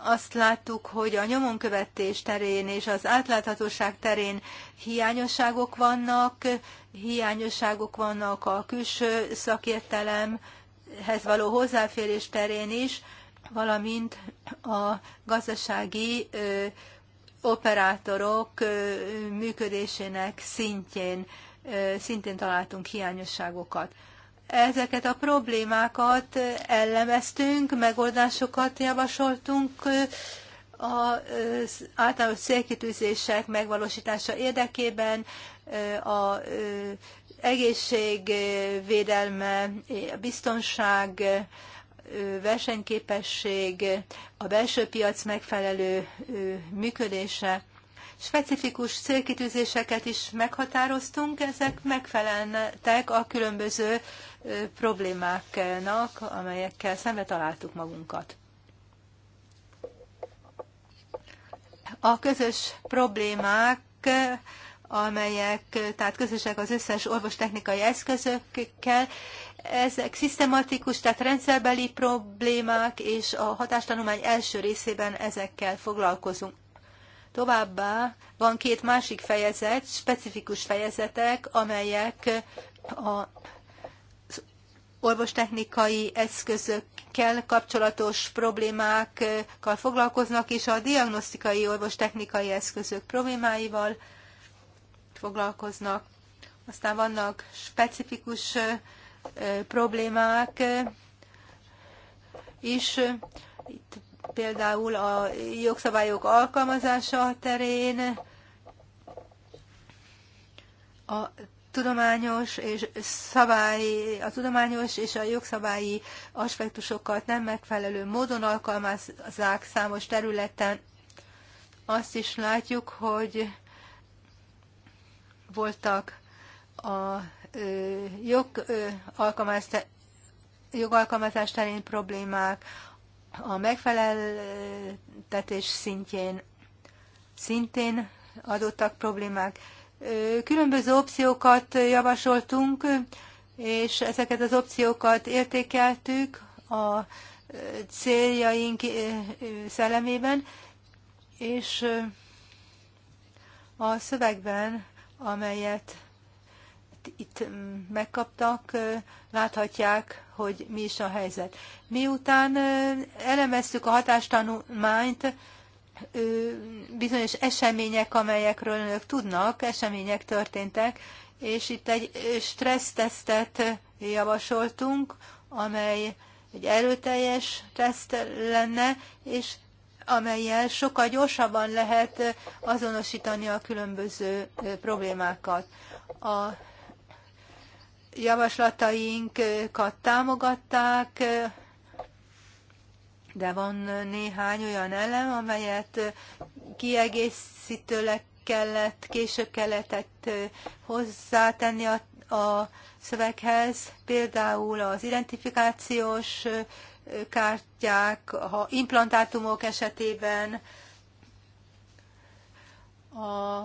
Azt láttuk, hogy a nyomonkövetés terén és az átláthatóság terén hiányosságok vannak, hiányosságok vannak a külső szakértelemhez való hozzáférés terén is, valamint a gazdasági operátorok működésének szintjén szintén találtunk hiányosságokat. Ezeket a problémákat elemeztünk, megoldásokat javasoltunk az általános célkitűzések megvalósítása érdekében, a egészségvédelme, a biztonság, versenyképesség, a belső piac megfelelő működése, Specifikus célkitűzéseket is meghatároztunk, ezek megfelelnek a különböző problémáknak, amelyekkel szembe találtuk magunkat. A közös problémák amelyek tehát közösek az összes orvostechnikai eszközökkel. Ezek szisztematikus, tehát rendszerbeli problémák, és a hatástanulmány első részében ezekkel foglalkozunk. Továbbá van két másik fejezet, specifikus fejezetek, amelyek a orvostechnikai eszközökkel kapcsolatos problémákkal foglalkoznak, és a diagnosztikai orvostechnikai eszközök problémáival foglalkoznak. Aztán vannak specifikus problémák is. Itt például a jogszabályok alkalmazása terén, a tudományos és szabály, a tudományos és a jogszabályi aspektusokat nem megfelelő módon alkalmazzák számos területen. Azt is látjuk, hogy voltak a jog, alkalmaz, jogalkalmazás terén problémák, a megfeleltetés szintjén szintén adottak problémák. Különböző opciókat javasoltunk, és ezeket az opciókat értékeltük a céljaink szellemében, és a szövegben, amelyet itt, itt mm, megkaptak, láthatják, hogy mi is a helyzet. Miután elemeztük a hatástanulmányt, bizonyos események, amelyekről önök tudnak, események történtek, és itt egy stressztesztet javasoltunk, amely egy erőteljes teszt lenne, és amelyel sokkal gyorsabban lehet azonosítani a különböző problémákat. A javaslatainkat támogatták, de van néhány olyan elem, amelyet kiegészítőleg kellett, később kellett hozzátenni a, a szöveghez, például az identifikációs kártyák, ha implantátumok esetében, a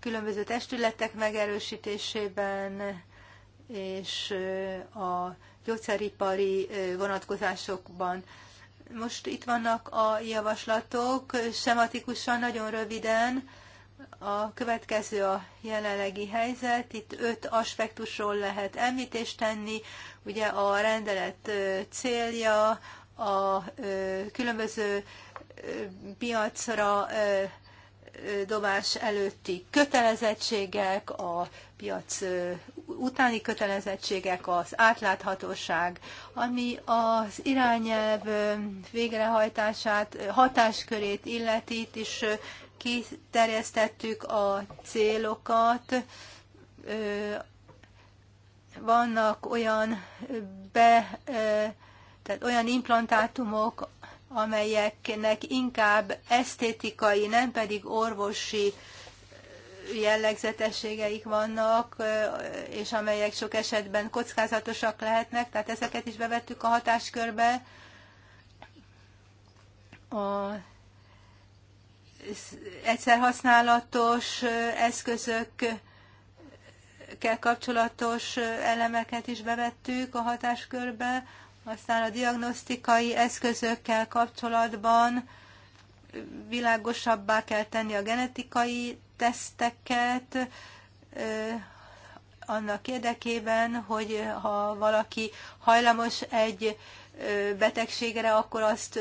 különböző testületek megerősítésében, és a gyógyszeripari vonatkozásokban. Most itt vannak a javaslatok, sematikusan, nagyon röviden. A következő a jelenlegi helyzet. Itt öt aspektusról lehet említést tenni. Ugye a rendelet célja, a különböző piacra dobás előtti kötelezettségek, a piac utáni kötelezettségek, az átláthatóság, ami az irányelv végrehajtását, hatáskörét illeti, és kiterjesztettük a célokat, vannak olyan be, tehát olyan implantátumok, amelyeknek inkább esztétikai, nem pedig orvosi jellegzetességeik vannak, és amelyek sok esetben kockázatosak lehetnek, tehát ezeket is bevettük a hatáskörbe. A egyszer használatos eszközökkel kapcsolatos elemeket is bevettük a hatáskörbe. Aztán a diagnosztikai eszközökkel kapcsolatban világosabbá kell tenni a genetikai teszteket, annak érdekében, hogy ha valaki hajlamos egy betegségre, akkor azt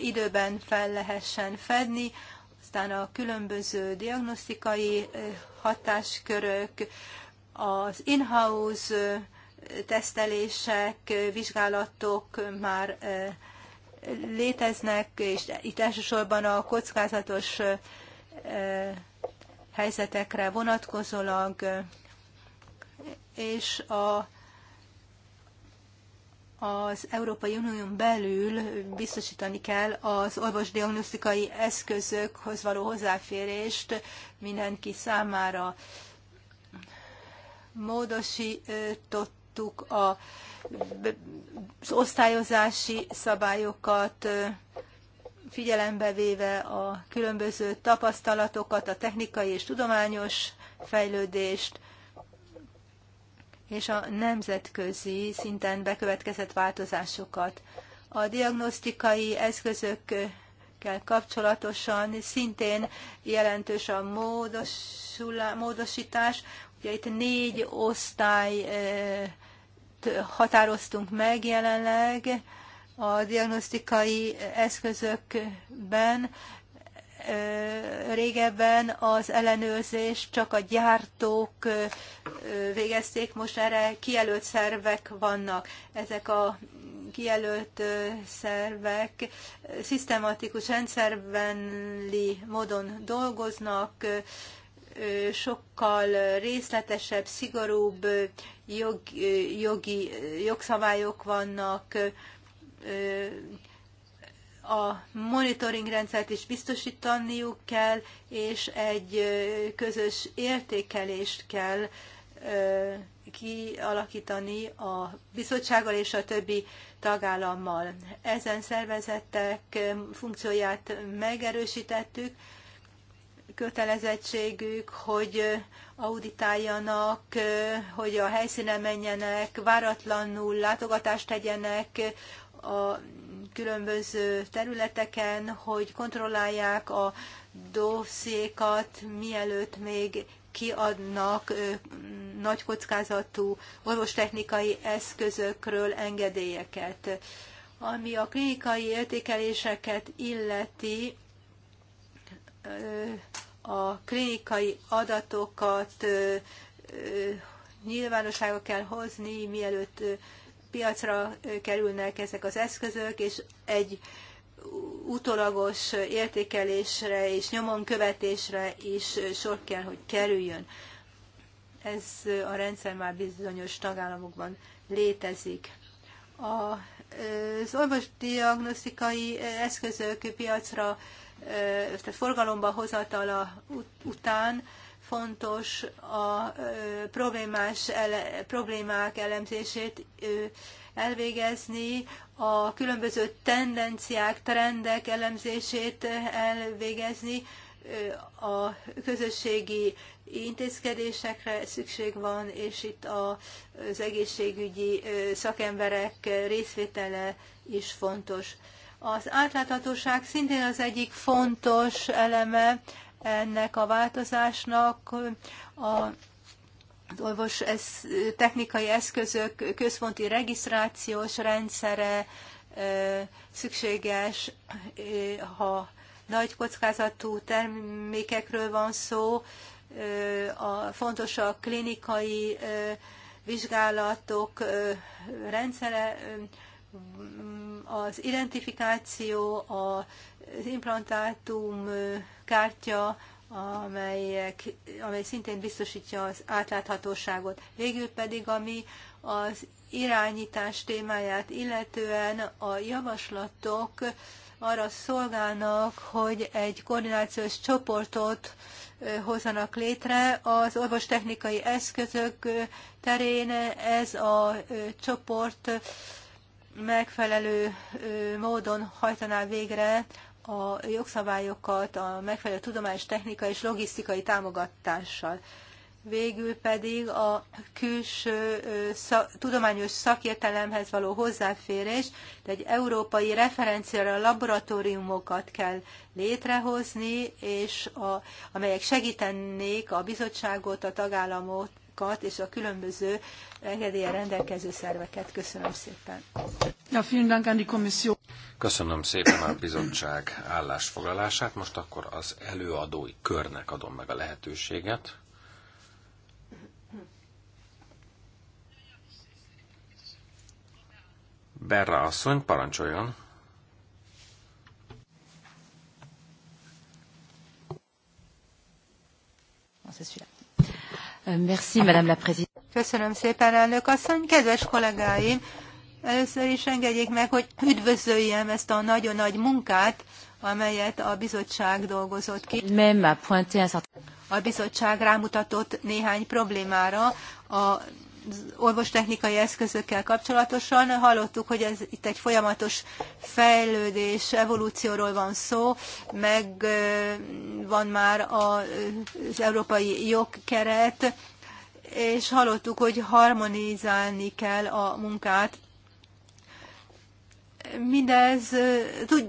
időben fel lehessen fedni, aztán a különböző diagnosztikai hatáskörök, az in-house tesztelések, vizsgálatok már léteznek, és itt elsősorban a kockázatos helyzetekre vonatkozólag, és a, az Európai Unión belül biztosítani kell az orvosdiagnosztikai eszközökhoz való hozzáférést mindenki számára módosított megvitattuk a, az osztályozási szabályokat, figyelembe véve a különböző tapasztalatokat, a technikai és tudományos fejlődést, és a nemzetközi szinten bekövetkezett változásokat. A diagnosztikai eszközökkel kapcsolatosan szintén jelentős a módosítás. Ugye itt négy osztály határoztunk meg jelenleg a diagnosztikai eszközökben. Régebben az ellenőrzés csak a gyártók végezték, most erre kijelölt szervek vannak. Ezek a kijelölt szervek szisztematikus rendszerbenli módon dolgoznak, sokkal részletesebb, szigorúbb jog, jogi jogszabályok vannak, a monitoring rendszert is biztosítaniuk kell, és egy közös értékelést kell kialakítani a bizottsággal és a többi tagállammal. Ezen szervezetek funkcióját megerősítettük, kötelezettségük, hogy auditáljanak, hogy a helyszínen menjenek, váratlanul látogatást tegyenek a különböző területeken, hogy kontrollálják a dossziékat, mielőtt még kiadnak nagy kockázatú orvostechnikai eszközökről engedélyeket. Ami a klinikai értékeléseket illeti, a klinikai adatokat nyilvánosságra kell hozni, mielőtt piacra kerülnek ezek az eszközök, és egy utolagos értékelésre és nyomon követésre is sor kell, hogy kerüljön. Ez a rendszer már bizonyos tagállamokban létezik. A, az orvosdiagnosztikai eszközök piacra tehát forgalomba hozatala után fontos a problémás ele, problémák elemzését elvégezni, a különböző tendenciák, trendek elemzését elvégezni, a közösségi intézkedésekre szükség van, és itt az egészségügyi szakemberek részvétele is fontos. Az átláthatóság szintén az egyik fontos eleme ennek a változásnak. A az orvos technikai eszközök központi regisztrációs rendszere szükséges, ha nagy kockázatú termékekről van szó, a fontos a klinikai vizsgálatok rendszere, az identifikáció, az implantátum kártya, amelyek, amely szintén biztosítja az átláthatóságot. Végül pedig, ami az irányítás témáját illetően a javaslatok arra szolgálnak, hogy egy koordinációs csoportot hozzanak létre az orvostechnikai eszközök terén. Ez a csoport megfelelő módon hajtaná végre a jogszabályokat a megfelelő tudományos, technikai és logisztikai támogatással. Végül pedig a külső szak, tudományos szakértelemhez való hozzáférés, de egy európai referenciára laboratóriumokat kell létrehozni, és a, amelyek segítenék a bizottságot, a tagállamot, bizottságokat és a különböző engedélye rendelkező szerveket. Köszönöm szépen. Köszönöm szépen a bizottság állásfoglalását. Most akkor az előadói körnek adom meg a lehetőséget. Berra asszony, parancsoljon! c'est celui-là. Euh, Köszönöm szépen, elnök asszony. Kedves kollégáim, először is engedjék meg, hogy üdvözöljem ezt a nagyon nagy munkát, amelyet a bizottság dolgozott ki. A bizottság rámutatott néhány problémára a orvostechnikai eszközökkel kapcsolatosan. Hallottuk, hogy ez itt egy folyamatos fejlődés, evolúcióról van szó, meg van már az európai jogkeret, és hallottuk, hogy harmonizálni kell a munkát. Mindez,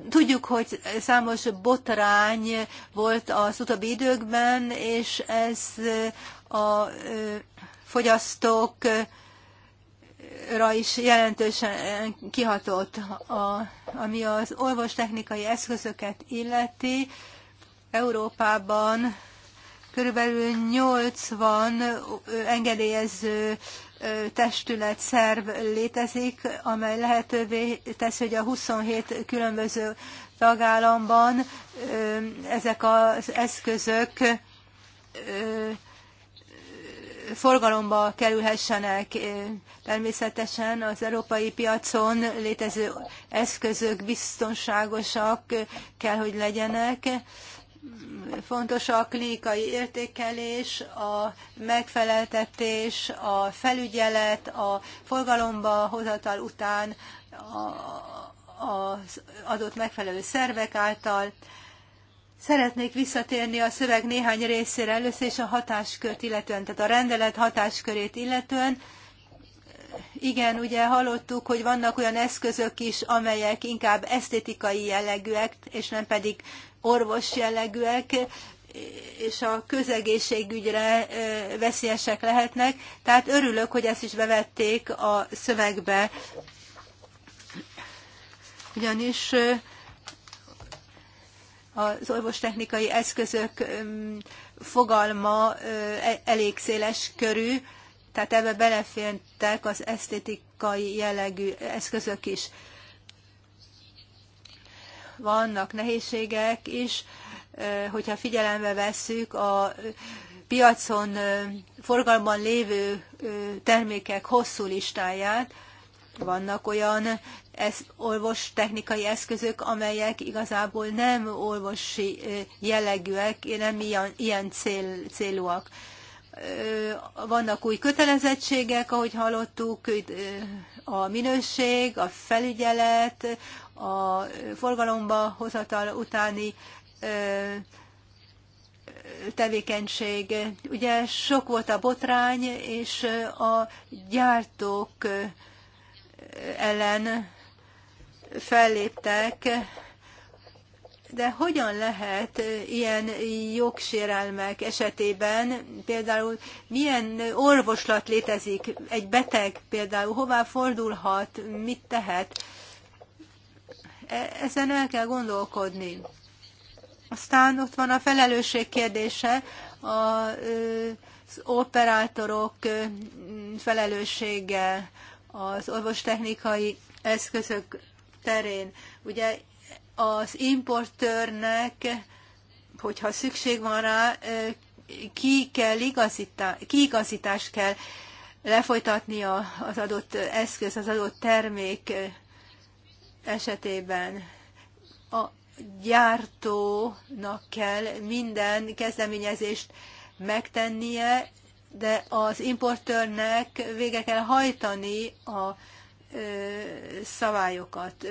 tudjuk, hogy számos botrány volt az utóbbi időkben, és ez a fogyasztókra is jelentősen kihatott, a, ami az orvostechnikai eszközöket illeti. Európában körülbelül 80 engedélyező testület, szerv létezik, amely lehetővé teszi, hogy a 27 különböző tagállamban ezek az eszközök forgalomba kerülhessenek. Eh, természetesen az európai piacon létező eszközök biztonságosak kell, hogy legyenek. Fontos a klinikai értékelés, a megfeleltetés, a felügyelet, a forgalomba hozatal után az adott megfelelő szervek által. Szeretnék visszatérni a szöveg néhány részére, először és a hatáskört illetően, tehát a rendelet hatáskörét illetően. Igen, ugye hallottuk, hogy vannak olyan eszközök is, amelyek inkább esztétikai jellegűek, és nem pedig orvos jellegűek, és a közegészségügyre veszélyesek lehetnek. Tehát örülök, hogy ezt is bevették a szövegbe. Ugyanis az orvostechnikai eszközök fogalma e, elég széles körű, tehát ebbe belefértek az esztétikai jellegű eszközök is. Vannak nehézségek is, hogyha figyelembe vesszük a piacon forgalban lévő termékek hosszú listáját, vannak olyan technikai eszközök, amelyek igazából nem orvosi jellegűek, nem ilyen, ilyen cél, célúak. Vannak új kötelezettségek, ahogy hallottuk, a minőség, a felügyelet, a forgalomba hozatal utáni tevékenység. Ugye sok volt a botrány, és a gyártók ellen felléptek, de hogyan lehet ilyen jogsérelmek esetében, például milyen orvoslat létezik, egy beteg például hová fordulhat, mit tehet? E, ezen el kell gondolkodni. Aztán ott van a felelősség kérdése, az operátorok felelőssége, az orvostechnikai eszközök terén. Ugye az importőrnek, hogyha szükség van rá, ki kell igazítá, kiigazítást kell lefolytatni az adott eszköz, az adott termék esetében. A gyártónak kell minden kezdeményezést megtennie, de az importőrnek vége kell hajtani a szabályokat.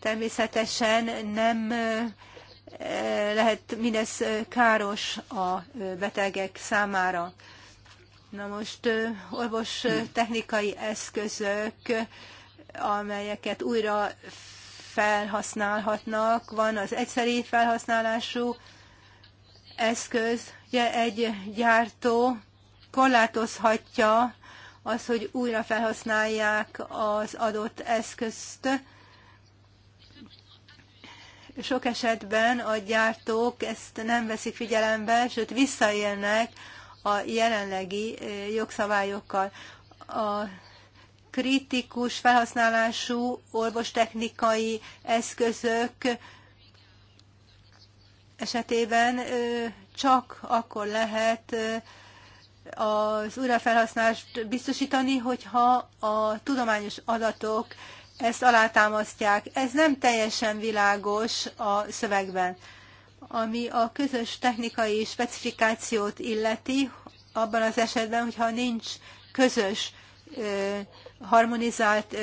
Természetesen nem lehet mindez káros a betegek számára. Na most orvos technikai eszközök, amelyeket újra felhasználhatnak, van az egyszerű felhasználású eszköz, ugye egy gyártó korlátozhatja az, hogy újra felhasználják az adott eszközt. Sok esetben a gyártók ezt nem veszik figyelembe, sőt visszaélnek a jelenlegi jogszabályokkal. A kritikus felhasználású orvostechnikai eszközök esetében csak akkor lehet az újrafelhasználást biztosítani, hogyha a tudományos adatok ezt alátámasztják. Ez nem teljesen világos a szövegben. Ami a közös technikai specifikációt illeti, abban az esetben, hogyha nincs közös harmonizált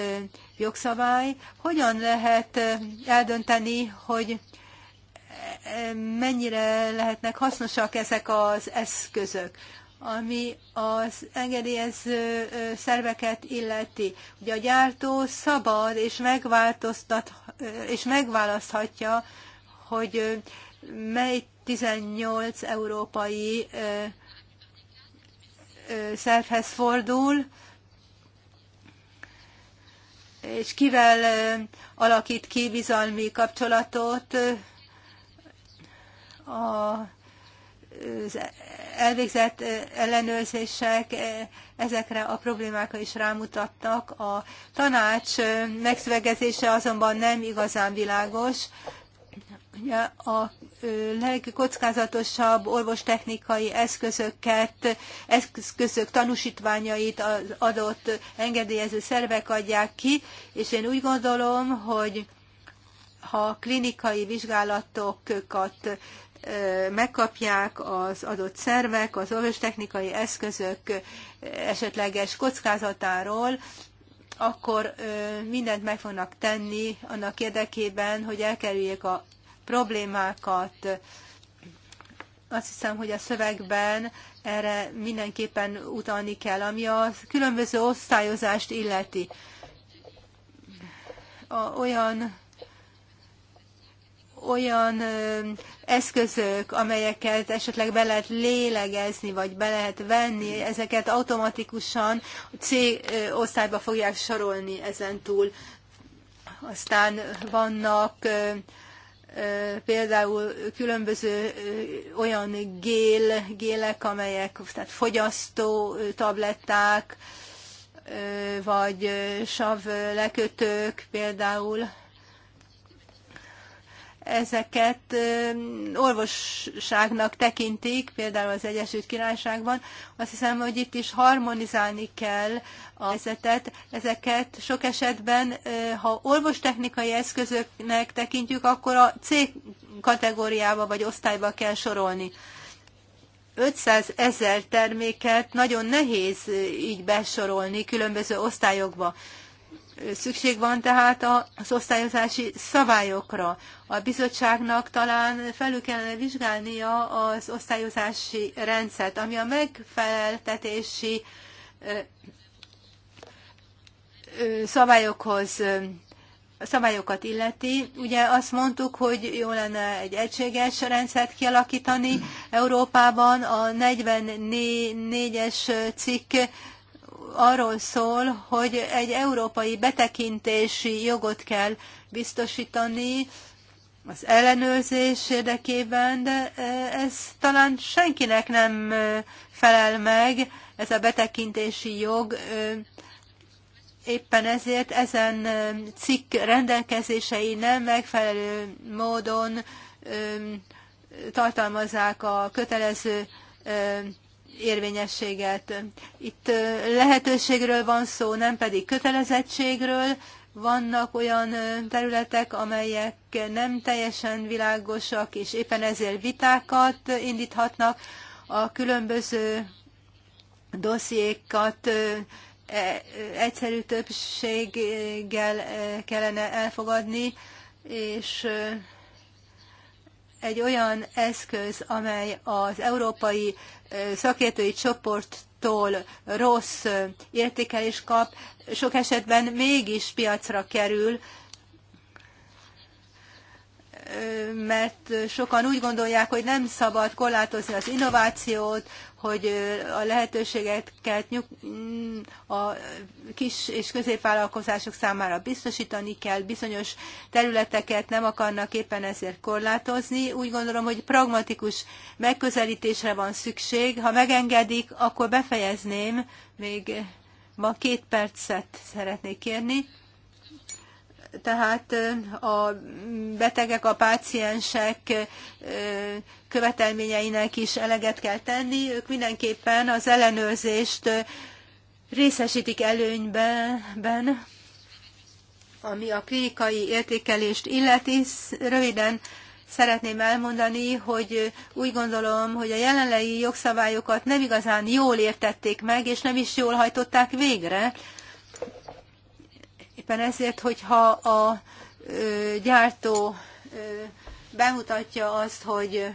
jogszabály, hogyan lehet eldönteni, hogy mennyire lehetnek hasznosak ezek az eszközök ami az engedélyező szerveket illeti. Ugye a gyártó szabad és, megváltoztat, és megválaszthatja, hogy mely 18 európai szervhez fordul, és kivel alakít ki bizalmi kapcsolatot a, az elvégzett ellenőrzések ezekre a problémákra is rámutattak. A tanács megszövegezése azonban nem igazán világos. a legkockázatosabb orvostechnikai eszközöket, eszközök tanúsítványait az adott engedélyező szervek adják ki, és én úgy gondolom, hogy ha klinikai vizsgálatokat megkapják az adott szervek, az technikai eszközök esetleges kockázatáról, akkor mindent meg fognak tenni annak érdekében, hogy elkerüljék a problémákat. Azt hiszem, hogy a szövegben erre mindenképpen utalni kell, ami a különböző osztályozást illeti. A, olyan olyan eszközök, amelyeket esetleg be lehet lélegezni, vagy be lehet venni, ezeket automatikusan a C osztályba fogják sorolni ezen túl. Aztán vannak például különböző olyan gél, gélek, amelyek, tehát fogyasztó tabletták, vagy sav lekötők például, ezeket orvosságnak tekintik, például az Egyesült Királyságban. Azt hiszem, hogy itt is harmonizálni kell a helyzetet. Ezeket sok esetben, ha orvostechnikai eszközöknek tekintjük, akkor a C kategóriába vagy osztályba kell sorolni. 500 ezer terméket nagyon nehéz így besorolni különböző osztályokba. Szükség van tehát az osztályozási szabályokra. A bizottságnak talán felül kellene vizsgálnia az osztályozási rendszert, ami a megfeleltetési szabályokhoz szabályokat illeti. Ugye azt mondtuk, hogy jó lenne egy egységes rendszert kialakítani Európában. A 44-es cikk arról szól, hogy egy európai betekintési jogot kell biztosítani az ellenőrzés érdekében, de e, ez talán senkinek nem e, felel meg, ez a betekintési jog. E, éppen ezért ezen cikk rendelkezései nem megfelelő módon tartalmazzák a kötelező érvényességet. Itt lehetőségről van szó, nem pedig kötelezettségről. Vannak olyan területek, amelyek nem teljesen világosak, és éppen ezért vitákat indíthatnak a különböző dossziékat e, egyszerű többséggel kellene elfogadni, és egy olyan eszköz, amely az európai szakértői csoporttól rossz értékelés kap, sok esetben mégis piacra kerül, mert sokan úgy gondolják, hogy nem szabad korlátozni az innovációt, hogy a lehetőségeket mm, a kis és középvállalkozások számára biztosítani kell, bizonyos területeket nem akarnak éppen ezért korlátozni. Úgy gondolom, hogy pragmatikus megközelítésre van szükség. Ha megengedik, akkor befejezném, még ma két percet szeretnék kérni tehát a betegek, a páciensek követelményeinek is eleget kell tenni. Ők mindenképpen az ellenőrzést részesítik előnyben, ami a klinikai értékelést illeti. Röviden szeretném elmondani, hogy úgy gondolom, hogy a jelenlegi jogszabályokat nem igazán jól értették meg, és nem is jól hajtották végre Éppen ezért, hogyha a gyártó bemutatja azt, hogy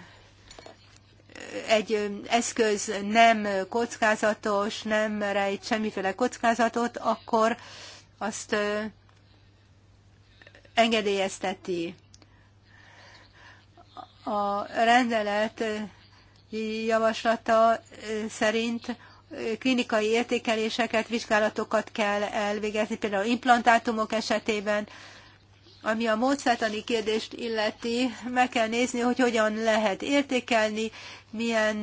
egy eszköz nem kockázatos, nem rejt semmiféle kockázatot, akkor azt engedélyezteti. A rendelet javaslata szerint klinikai értékeléseket, vizsgálatokat kell elvégezni, például implantátumok esetében, ami a módszertani kérdést illeti, meg kell nézni, hogy hogyan lehet értékelni, milyen,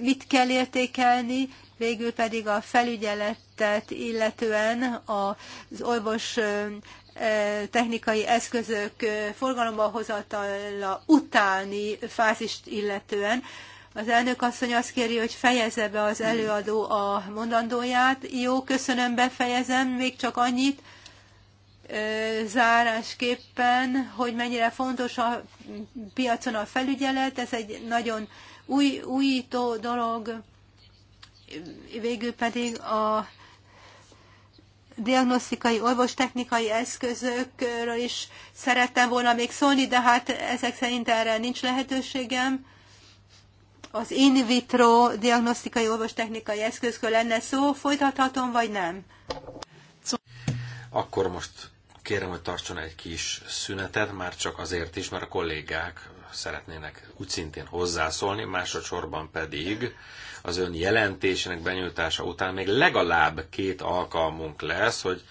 mit kell értékelni, végül pedig a felügyeletet illetően az orvos technikai eszközök forgalomba hozatala utáni fázist illetően az elnök asszony azt kéri, hogy fejezze be az előadó a mondandóját. Jó, köszönöm, befejezem, még csak annyit zárásképpen, hogy mennyire fontos a piacon a felügyelet. Ez egy nagyon új, újító dolog. Végül pedig a diagnosztikai, orvostechnikai eszközökről is szerettem volna még szólni, de hát ezek szerint erre nincs lehetőségem az in vitro diagnosztikai orvostechnikai eszközkör lenne szó, folytathatom, vagy nem? Akkor most kérem, hogy tartson egy kis szünetet, már csak azért is, mert a kollégák szeretnének úgy szintén hozzászólni, másodszorban pedig az ön jelentésének benyújtása után még legalább két alkalmunk lesz, hogy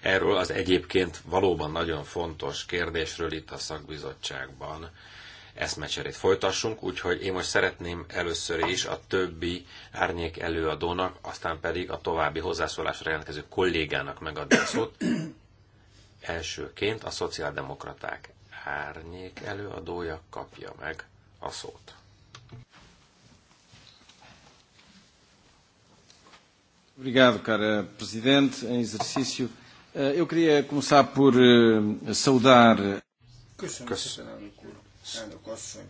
erről az egyébként valóban nagyon fontos kérdésről itt a szakbizottságban eszmecserét folytassunk, úgyhogy én most szeretném először is a többi árnyék előadónak, aztán pedig a további hozzászólásra jelentkező kollégának megadni a szót. Elsőként a szociáldemokraták árnyék előadója kapja meg a szót. Obrigado, cara Presidente, em exercício. Eh, eu queria começar por eh, saudar. Eh, köszönöm, Köszönöm. Szépen, Elnök asszony.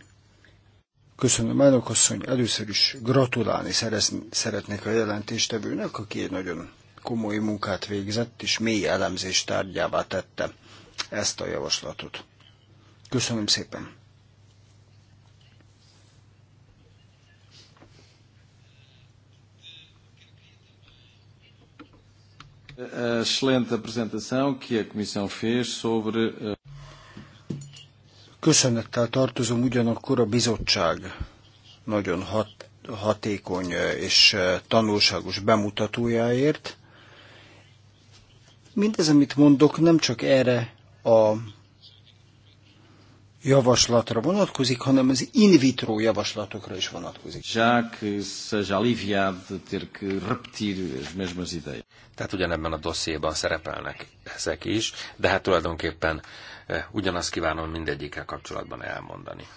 Köszönöm, elnök asszony. Először is gratulálni szeretnék a jelentéstevőnek, aki egy nagyon komoly munkát végzett, és mély elemzés tárgyává tette ezt a javaslatot. Köszönöm szépen. A excelente apresentação que a Comissão fez sobre eh, Köszönettel tartozom ugyanakkor a bizottság nagyon hat, hatékony eh, és eh, tanulságos bemutatójáért. Mindez, amit mondok, nem csak erre a javaslatra vonatkozik, hanem az in vitro javaslatokra is vonatkozik. Tehát ugyanebben a dossziéban szerepelnek ezek is, de hát tulajdonképpen Eh, ugyanazt kívánom mindegyikkel kapcsolatban elmondani.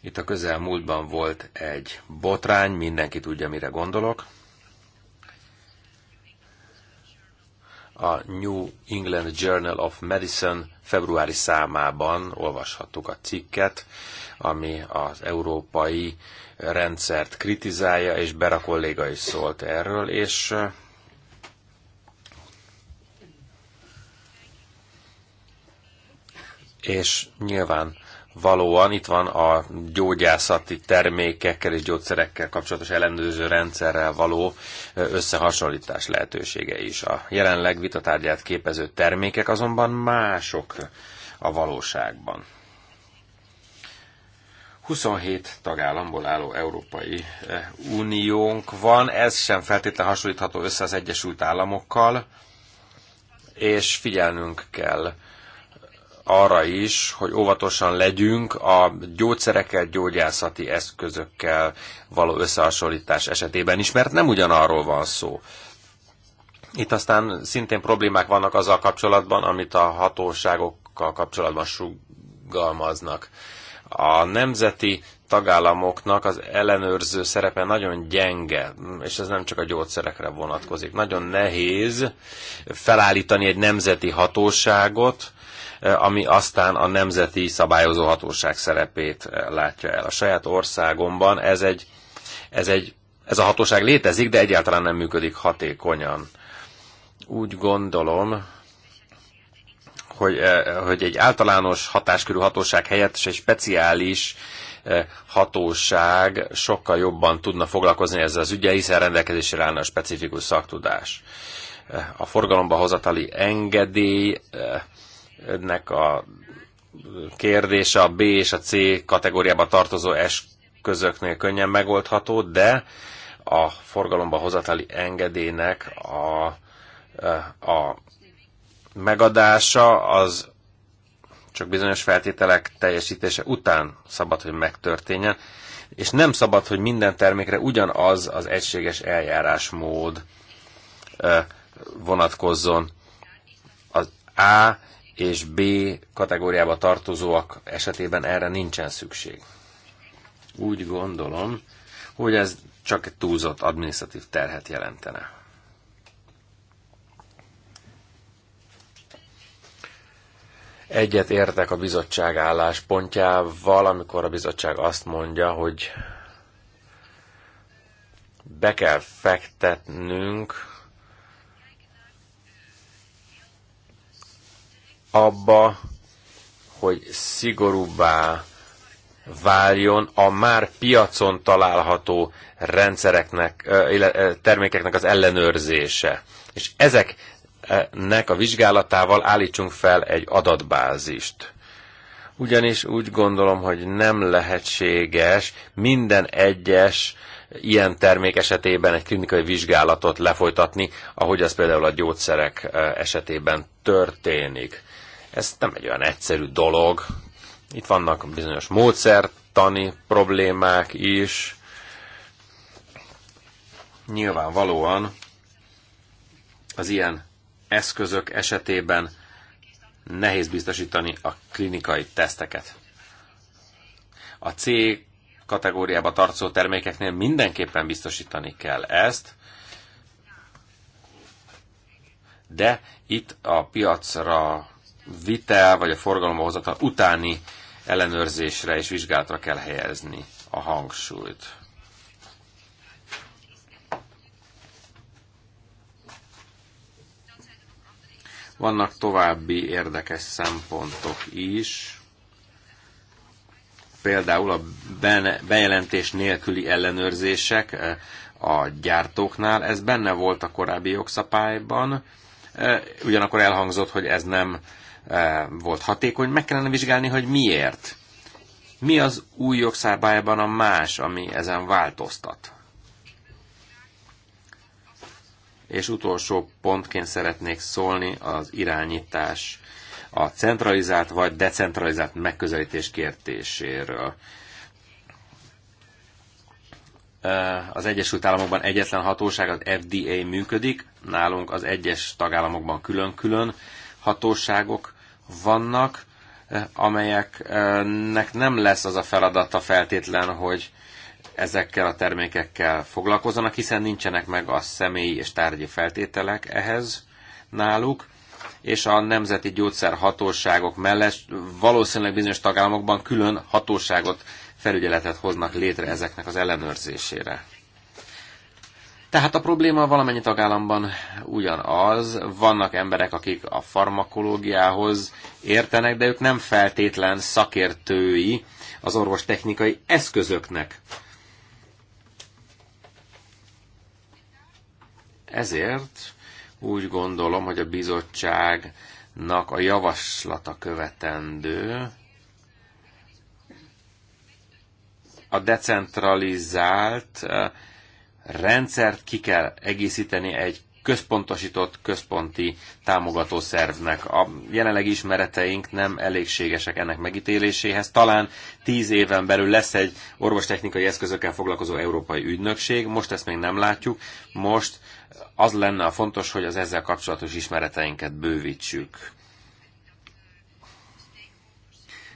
Itt a közelmúltban volt egy botrány, mindenki tudja, mire gondolok. A New England Journal of Medicine februári számában olvashattuk a cikket, ami az európai rendszert kritizálja, és Bera kolléga is szólt erről, és eh, és nyilván valóan itt van a gyógyászati termékekkel és gyógyszerekkel kapcsolatos ellenőrző rendszerrel való összehasonlítás lehetősége is. A jelenleg vitatárgyát képező termékek azonban mások a valóságban. 27 tagállamból álló Európai Uniónk van, ez sem feltétlenül hasonlítható össze az Egyesült Államokkal, és figyelnünk kell arra is, hogy óvatosan legyünk a gyógyszerekkel, gyógyászati eszközökkel való összehasonlítás esetében is, mert nem ugyanarról van szó. Itt aztán szintén problémák vannak azzal kapcsolatban, amit a hatóságokkal kapcsolatban sugalmaznak. A nemzeti tagállamoknak az ellenőrző szerepe nagyon gyenge, és ez nem csak a gyógyszerekre vonatkozik. Nagyon nehéz felállítani egy nemzeti hatóságot, Eh, ami aztán a nemzeti szabályozó hatóság szerepét eh, látja el. A saját országomban ez egy, ez egy ez a hatóság létezik, de egyáltalán nem működik hatékonyan. Úgy gondolom, hogy, eh, hogy egy általános hatáskörű hatóság helyett és egy speciális hatóság sokkal jobban tudna foglalkozni ezzel az ügyel, hiszen rendelkezésre állna a specifikus szaktudás. A forgalomba hozatali engedély ennek a kérdése a B és a C kategóriába tartozó közöknél könnyen megoldható, de a forgalomba hozatali engedélynek a, a megadása az csak bizonyos feltételek teljesítése után szabad, hogy megtörténjen, és nem szabad, hogy minden termékre ugyanaz az egységes eljárásmód vonatkozzon. Az A és B kategóriába tartozóak esetében erre nincsen szükség. Úgy gondolom, hogy ez csak egy túlzott adminisztratív terhet jelentene. Egyet értek a bizottság álláspontjával, amikor a bizottság azt mondja, hogy be kell fektetnünk abba, hogy szigorúbbá váljon a már piacon található rendszereknek, termékeknek az ellenőrzése. És ezeknek a vizsgálatával állítsunk fel egy adatbázist. Ugyanis úgy gondolom, hogy nem lehetséges minden egyes ilyen termék esetében egy klinikai vizsgálatot lefolytatni, ahogy az például a gyógyszerek esetében történik. Ez nem egy olyan egyszerű dolog. Itt vannak bizonyos módszertani problémák is. Nyilvánvalóan az ilyen eszközök esetében nehéz biztosítani a klinikai teszteket. A C kategóriába tartozó termékeknél mindenképpen biztosítani kell ezt, de itt a piacra vitel vagy a forgalomba hozatal utáni ellenőrzésre és vizsgálatra kell helyezni a hangsúlyt. Vannak további érdekes szempontok is, például a bejelentés nélküli ellenőrzések eh, a gyártóknál, ez benne volt a korábbi jogszabályban, eh, ugyanakkor elhangzott, hogy ez nem E, volt hatékony, meg kellene vizsgálni, hogy miért. Mi az új jogszabályban a más, ami ezen változtat? És utolsó pontként szeretnék szólni az irányítás, a centralizált vagy decentralizált megközelítés kértéséről. E, az Egyesült Államokban egyetlen hatóság, az FDA működik, nálunk az egyes tagállamokban külön-külön hatóságok vannak, eh, amelyeknek nem lesz az a feladata feltétlen, hogy ezekkel a termékekkel foglalkozzanak, hiszen nincsenek meg a személyi és tárgyi feltételek ehhez náluk, és a nemzeti gyógyszerhatóságok mellett valószínűleg bizonyos tagállamokban külön hatóságot, felügyeletet hoznak létre ezeknek az ellenőrzésére. Tehát a probléma valamennyi tagállamban ugyanaz. Vannak emberek, akik a farmakológiához értenek, de ők nem feltétlen szakértői az orvostechnikai eszközöknek. Ezért úgy gondolom, hogy a bizottságnak a javaslata követendő a decentralizált eh, rendszert ki kell egészíteni egy központosított központi támogató szervnek. A jelenlegi ismereteink nem elégségesek ennek megítéléséhez. Talán tíz éven belül lesz egy orvostechnikai eszközökkel foglalkozó európai ügynökség, most ezt még nem látjuk. Most az lenne a fontos, hogy az ezzel kapcsolatos ismereteinket bővítsük.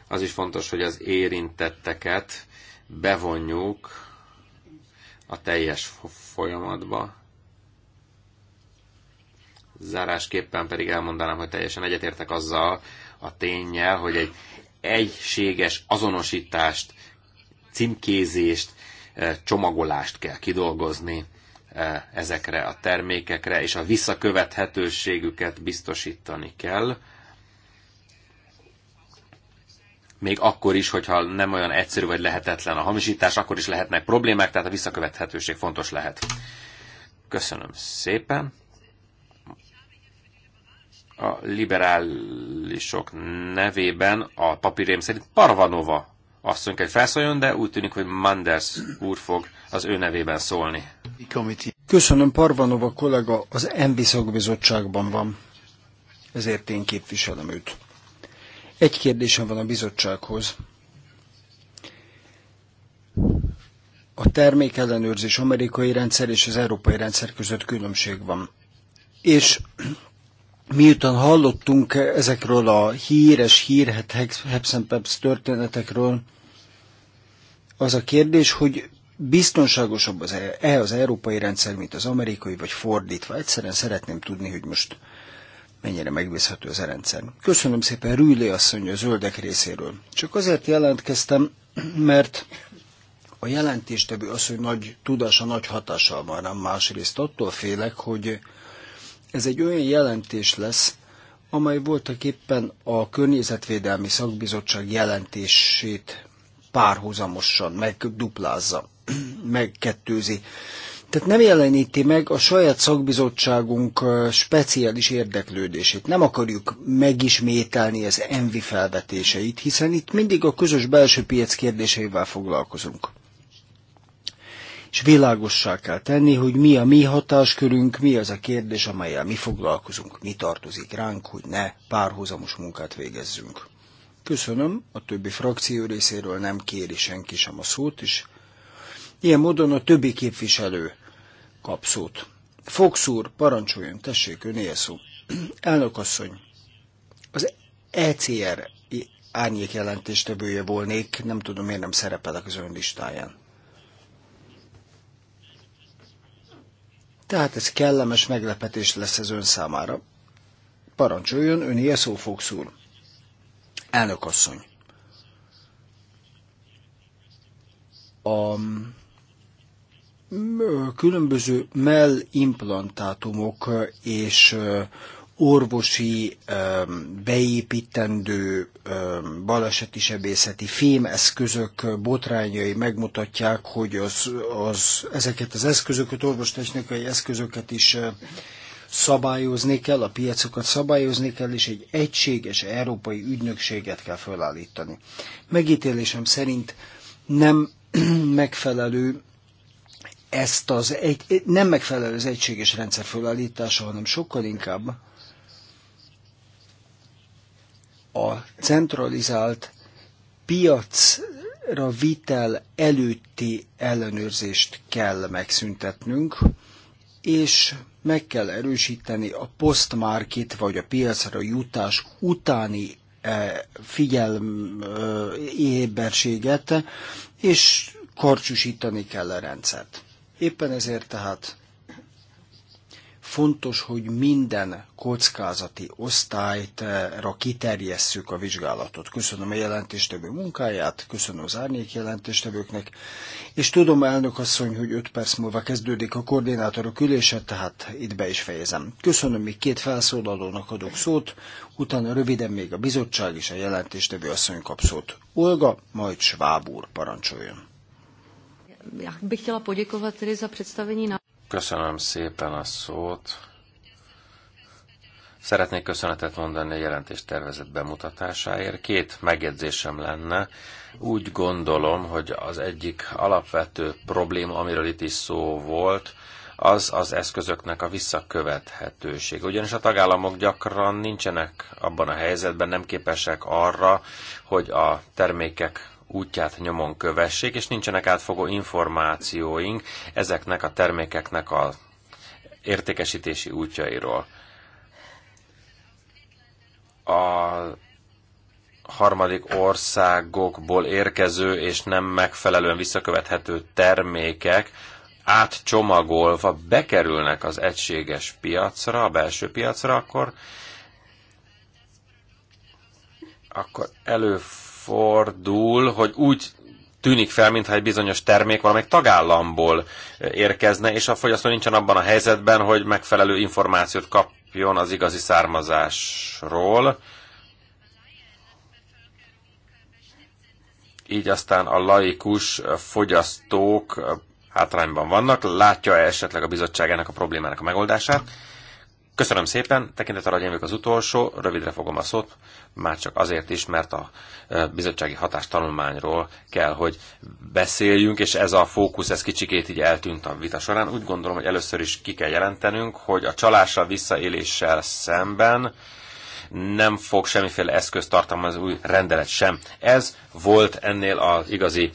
Az is fontos, hogy az érintetteket bevonjuk a teljes folyamatba. Zárásképpen pedig elmondanám, hogy teljesen egyetértek azzal a tényel, hogy egy egységes azonosítást, címkézést, e, csomagolást kell kidolgozni e, ezekre a termékekre, és a visszakövethetőségüket biztosítani kell még akkor is, hogyha nem olyan egyszerű vagy lehetetlen a hamisítás, akkor is lehetnek problémák, tehát a visszakövethetőség fontos lehet. Köszönöm szépen. A liberálisok nevében a papírém szerint Parvanova asszony kell felszóljon, de úgy tűnik, hogy Manders úr fog az ő nevében szólni. Köszönöm, Parvanova kollega az MB szakbizottságban van, ezért én képviselem őt. Egy kérdésem van a bizottsághoz. A termékellenőrzés amerikai rendszer és az európai rendszer között különbség van. És miután hallottunk ezekről a híres, hírhet Hepsenpeps történetekről, az a kérdés, hogy biztonságosabb az-e e az európai rendszer, mint az amerikai, vagy fordítva. Egyszerűen szeretném tudni, hogy most mennyire megbízható ez a rendszer. Köszönöm szépen Rüli asszony a zöldek részéről. Csak azért jelentkeztem, mert a jelentéstevő az, hogy nagy tudása, nagy hatással van rám másrészt. Attól félek, hogy ez egy olyan jelentés lesz, amely voltak éppen a Környezetvédelmi Szakbizottság jelentését párhuzamosan megduplázza, [clears throat] megkettőzi. Tehát nem jeleníti meg a saját szakbizottságunk speciális érdeklődését. Nem akarjuk megismételni az envi felvetéseit, hiszen itt mindig a közös belső piac kérdéseivel foglalkozunk. És világossá kell tenni, hogy mi a mi hatáskörünk, mi az a kérdés, amelyel mi foglalkozunk, mi tartozik ránk, hogy ne párhuzamos munkát végezzünk. Köszönöm, a többi frakció részéről nem kéri senki sem a szót, és Ilyen módon a többi képviselő kap szót. Fox úr, parancsoljon, tessék, önél szó. asszony, az ECR árnyék jelentéstevője volnék, nem tudom, miért nem szerepelek az ön listáján. Tehát ez kellemes meglepetés lesz az ön számára. Parancsoljon, ön ilyen szó Fox úr. asszony. A különböző mellimplantátumok és orvosi beépítendő baleseti sebészeti fémeszközök botrányai megmutatják, hogy az, az, ezeket az eszközöket, orvostechnikai eszközöket is szabályozni kell, a piacokat szabályozni kell, és egy egységes európai ügynökséget kell felállítani. Megítélésem szerint nem [clears throat] megfelelő ezt az egy, nem megfelelő az egységes rendszer fölállítása, hanem sokkal inkább a centralizált piacra vitel előtti ellenőrzést kell megszüntetnünk, és meg kell erősíteni a postmarket vagy a piacra jutás utáni e, figyelméberséget, e, és karcsúsítani kell a rendszert. Éppen ezért tehát fontos, hogy minden kockázati osztályra kiterjesszük a vizsgálatot. Köszönöm a jelentéstevő munkáját, köszönöm az árnyék jelentéstevőknek, és tudom, elnök asszony, hogy 5 perc múlva kezdődik a koordinátorok ülése, tehát itt be is fejezem. Köszönöm, még két felszólalónak adok szót, utána röviden még a bizottság és a jelentéstevő asszony kap szót. Olga, majd Schwab úr parancsoljon já bych chtěla poděkovat tedy za představení na... Köszönöm szépen a szót. Szeretnék köszönetet mondani a jelentés tervezett bemutatásáért. Két megjegyzésem lenne. Úgy gondolom, hogy az egyik alapvető probléma, amiről itt is szó volt, az az eszközöknek a visszakövethetőség. Ugyanis a tagállamok gyakran nincsenek abban a helyzetben, nem képesek arra, hogy a termékek útját nyomon kövessék, és nincsenek átfogó információink ezeknek a termékeknek a értékesítési útjairól. A harmadik országokból érkező és nem megfelelően visszakövethető termékek átcsomagolva bekerülnek az egységes piacra, a belső piacra, akkor, akkor előfordul előfordul, hogy úgy tűnik fel, mintha egy bizonyos termék valamelyik tagállamból érkezne, és a fogyasztó nincsen abban a helyzetben, hogy megfelelő információt kapjon az igazi származásról. Így aztán a laikus fogyasztók hátrányban vannak. Látja-e esetleg a bizottságának a problémának a megoldását? Köszönöm szépen, tekintet arra, hogy az utolsó, rövidre fogom a szót, már csak azért is, mert a bizottsági hatástanulmányról kell, hogy beszéljünk, és ez a fókusz, ez kicsikét így eltűnt a vita során. Úgy gondolom, hogy először is ki kell jelentenünk, hogy a csalással, visszaéléssel szemben nem fog semmiféle eszközt tartalmazni új rendelet sem. Ez volt ennél az igazi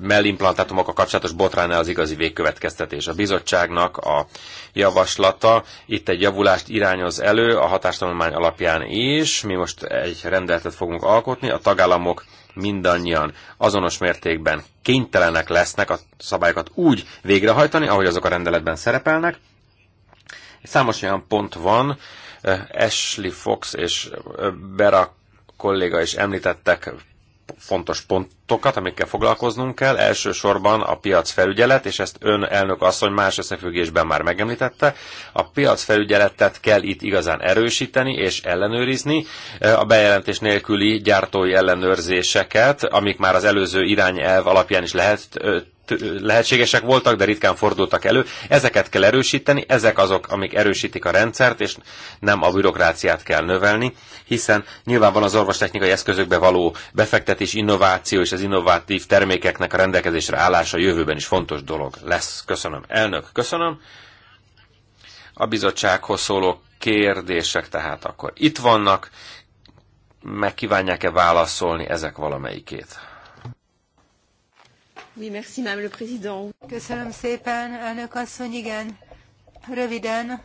mellimplantátumokkal kapcsolatos botránál az igazi végkövetkeztetés. A bizottságnak a javaslata itt egy javulást irányoz elő a hatástanulmány alapján is. Mi most egy rendeletet fogunk alkotni. A tagállamok mindannyian azonos mértékben kénytelenek lesznek a szabályokat úgy végrehajtani, ahogy azok a rendeletben szerepelnek. Számos olyan pont van, Ashley Fox és Berak kolléga is említettek fontos pontokat, amikkel foglalkoznunk kell. Elsősorban a piacfelügyelet, és ezt ön elnök asszony más összefüggésben már megemlítette. A piacfelügyeletet kell itt igazán erősíteni és ellenőrizni. A bejelentés nélküli gyártói ellenőrzéseket, amik már az előző irányelv alapján is lehet lehetségesek voltak, de ritkán fordultak elő. Ezeket kell erősíteni, ezek azok, amik erősítik a rendszert, és nem a bürokráciát kell növelni, hiszen nyilvánvalóan az orvostechnikai eszközökbe való befektetés, innováció és az innovatív termékeknek a rendelkezésre állása a jövőben is fontos dolog lesz. Köszönöm. Elnök, köszönöm. A bizottsághoz szóló kérdések tehát akkor itt vannak, meg kívánják-e válaszolni ezek valamelyikét? Köszönöm szépen, elnök asszony, igen. Röviden,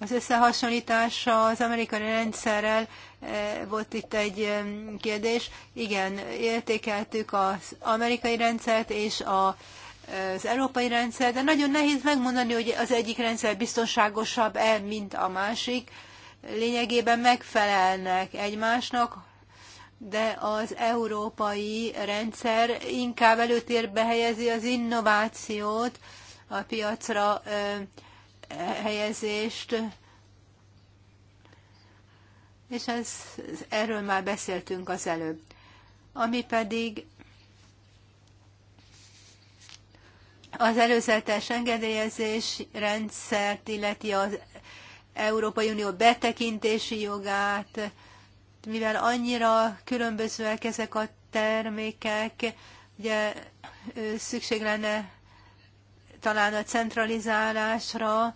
az összehasonlítása az amerikai rendszerrel eh, volt itt egy eh, kérdés. Igen, értékeltük az amerikai rendszert és a eh, az európai rendszer, de nagyon nehéz megmondani, hogy az egyik rendszer biztonságosabb-e, mint a másik. Lényegében megfelelnek egymásnak, de az európai rendszer inkább előtérbe helyezi az innovációt, a piacra helyezést, és ez, erről már beszéltünk az előbb. Ami pedig az előzetes engedélyezés rendszert illeti az Európai Unió betekintési jogát, mivel annyira különbözőek ezek a termékek, ugye szükség lenne talán a centralizálásra,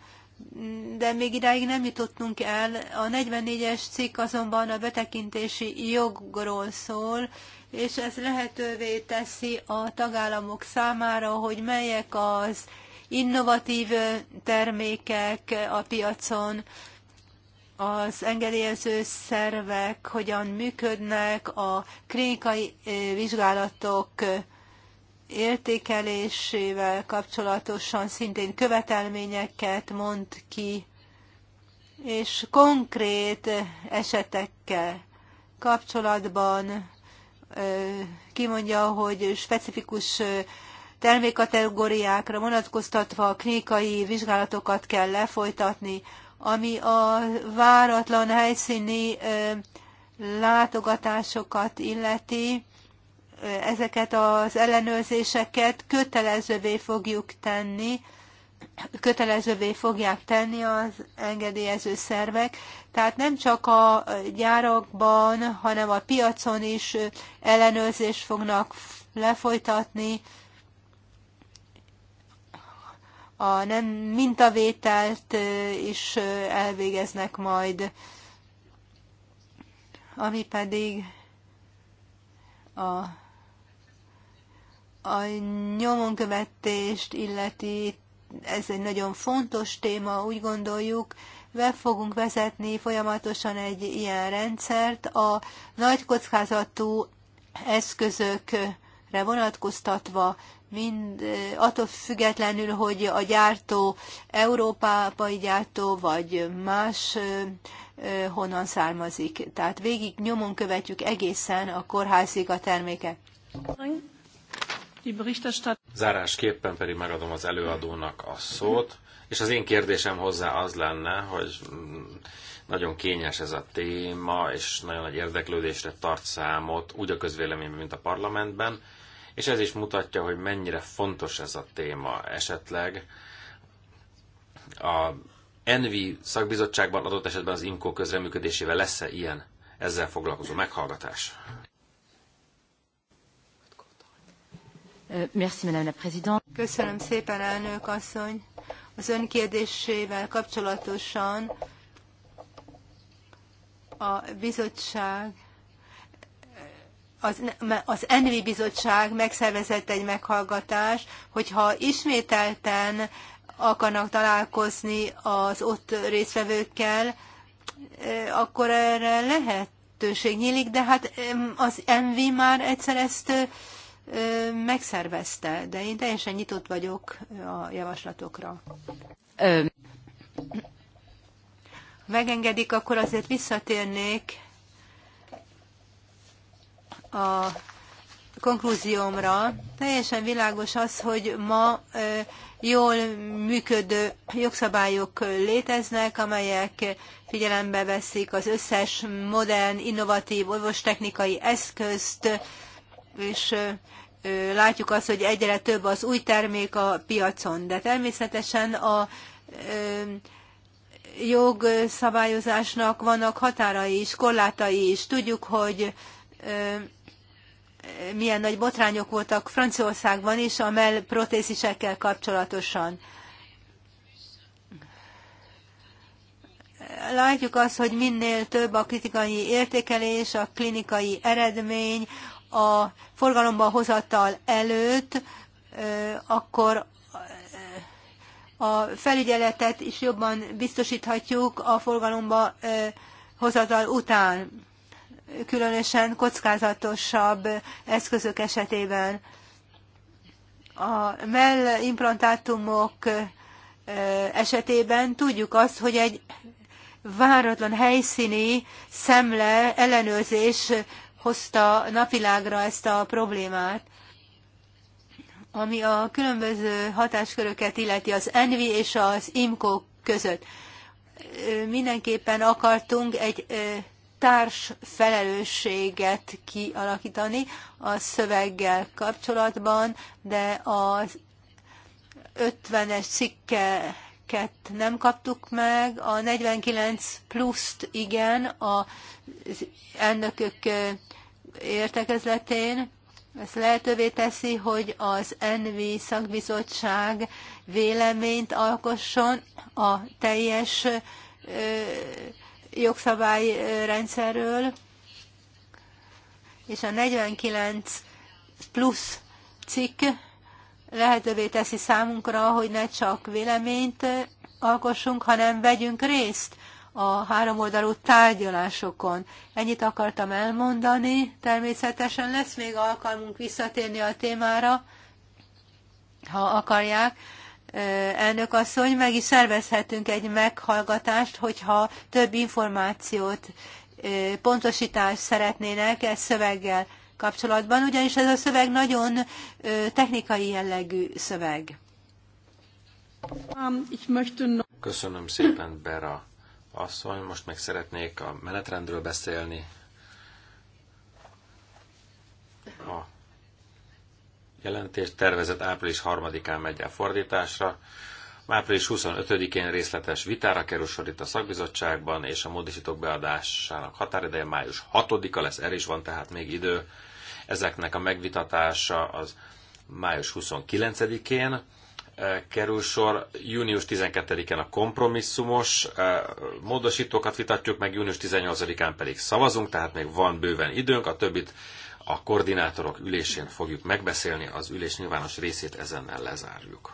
de még idáig nem jutottunk el. A 44-es cikk azonban a betekintési jogról szól, és ez lehetővé teszi a tagállamok számára, hogy melyek az innovatív termékek a piacon, az engedélyező szervek hogyan működnek, a klinikai vizsgálatok értékelésével kapcsolatosan szintén követelményeket mond ki, és konkrét esetekkel kapcsolatban kimondja, hogy specifikus termékkategóriákra vonatkoztatva klinikai vizsgálatokat kell lefolytatni, ami a váratlan helyszíni látogatásokat illeti, ezeket az ellenőrzéseket kötelezővé fogjuk tenni, kötelezővé fogják tenni az engedélyező szervek, tehát nem csak a gyárakban, hanem a piacon is ellenőrzést fognak lefolytatni, a nem mintavételt is elvégeznek majd, ami pedig a, a nyomonkövetést illeti, ez egy nagyon fontos téma, úgy gondoljuk, be fogunk vezetni folyamatosan egy ilyen rendszert a nagy kockázatú eszközökre vonatkoztatva mind attól függetlenül, hogy a gyártó európai gyártó, vagy más honnan származik. Tehát végig nyomon követjük egészen a kórházig a terméket. Zárásképpen pedig megadom az előadónak a szót, és az én kérdésem hozzá az lenne, hogy mm, nagyon kényes ez a téma, és nagyon nagy érdeklődésre tart számot, úgy a közvéleményben, mint a parlamentben és ez is mutatja, hogy mennyire fontos ez a téma esetleg. A Envi szakbizottságban adott esetben az IMCO közreműködésével lesz-e ilyen ezzel foglalkozó meghallgatás? Merci, Madame Köszönöm szépen, elnök asszony. Az ön kérdésével kapcsolatosan a bizottság az, az ENVI bizottság megszervezett egy meghallgatás, hogyha ismételten akarnak találkozni az ott résztvevőkkel, akkor erre lehetőség nyílik, de hát az ENVI már egyszer ezt megszervezte, de én teljesen nyitott vagyok a javaslatokra. Megengedik, akkor azért visszatérnék a konklúziómra. Teljesen világos az, hogy ma jól működő jogszabályok léteznek, amelyek figyelembe veszik az összes modern, innovatív orvostechnikai eszközt, és látjuk azt, hogy egyre több az új termék a piacon. De természetesen a jogszabályozásnak vannak határai is, korlátai is. Tudjuk, hogy milyen nagy botrányok voltak Franciaországban is a mellprotézisekkel kapcsolatosan. Látjuk azt, hogy minél több a kritikai értékelés, a klinikai eredmény, a forgalomba hozatal előtt, akkor a felügyeletet is jobban biztosíthatjuk a forgalomba hozatal után különösen kockázatosabb eszközök esetében. A mellimplantátumok esetében tudjuk azt, hogy egy váratlan helyszíni szemle ellenőrzés hozta napvilágra ezt a problémát ami a különböző hatásköröket illeti az ENVI és az IMCO között. Mindenképpen akartunk egy társ felelősséget kialakítani a szöveggel kapcsolatban, de az 50-es cikkeket nem kaptuk meg, a 49 pluszt igen az elnökök értekezletén. Ez lehetővé teszi, hogy az ENVI szakbizottság véleményt alkosson a teljes jogszabályrendszerről, és a 49 plusz cikk lehetővé teszi számunkra, hogy ne csak véleményt eh, alkossunk, hanem vegyünk részt a háromoldalú tárgyalásokon. Ennyit akartam elmondani, természetesen lesz még alkalmunk visszatérni a témára, ha akarják elnök asszony, meg is szervezhetünk egy meghallgatást, hogyha több információt, pontosítást szeretnének ezt szöveggel kapcsolatban, ugyanis ez a szöveg nagyon technikai jellegű szöveg. Um, Köszönöm szépen, Bera asszony. Most meg szeretnék a menetrendről beszélni. A jelentés tervezett április 3-án megy el fordításra, április 25-én részletes vitára kerül sor itt a szakbizottságban, és a módosítók beadásának határideje május 6-a lesz, erre is van tehát még idő. Ezeknek a megvitatása az május 29-én eh, kerül sor. Június 12-en a kompromisszumos eh, módosítókat vitatjuk meg, június 18-án pedig szavazunk, tehát még van bőven időnk, a többit a koordinátorok ülésén fogjuk megbeszélni, az ülés nyilvános részét ezennel lezárjuk.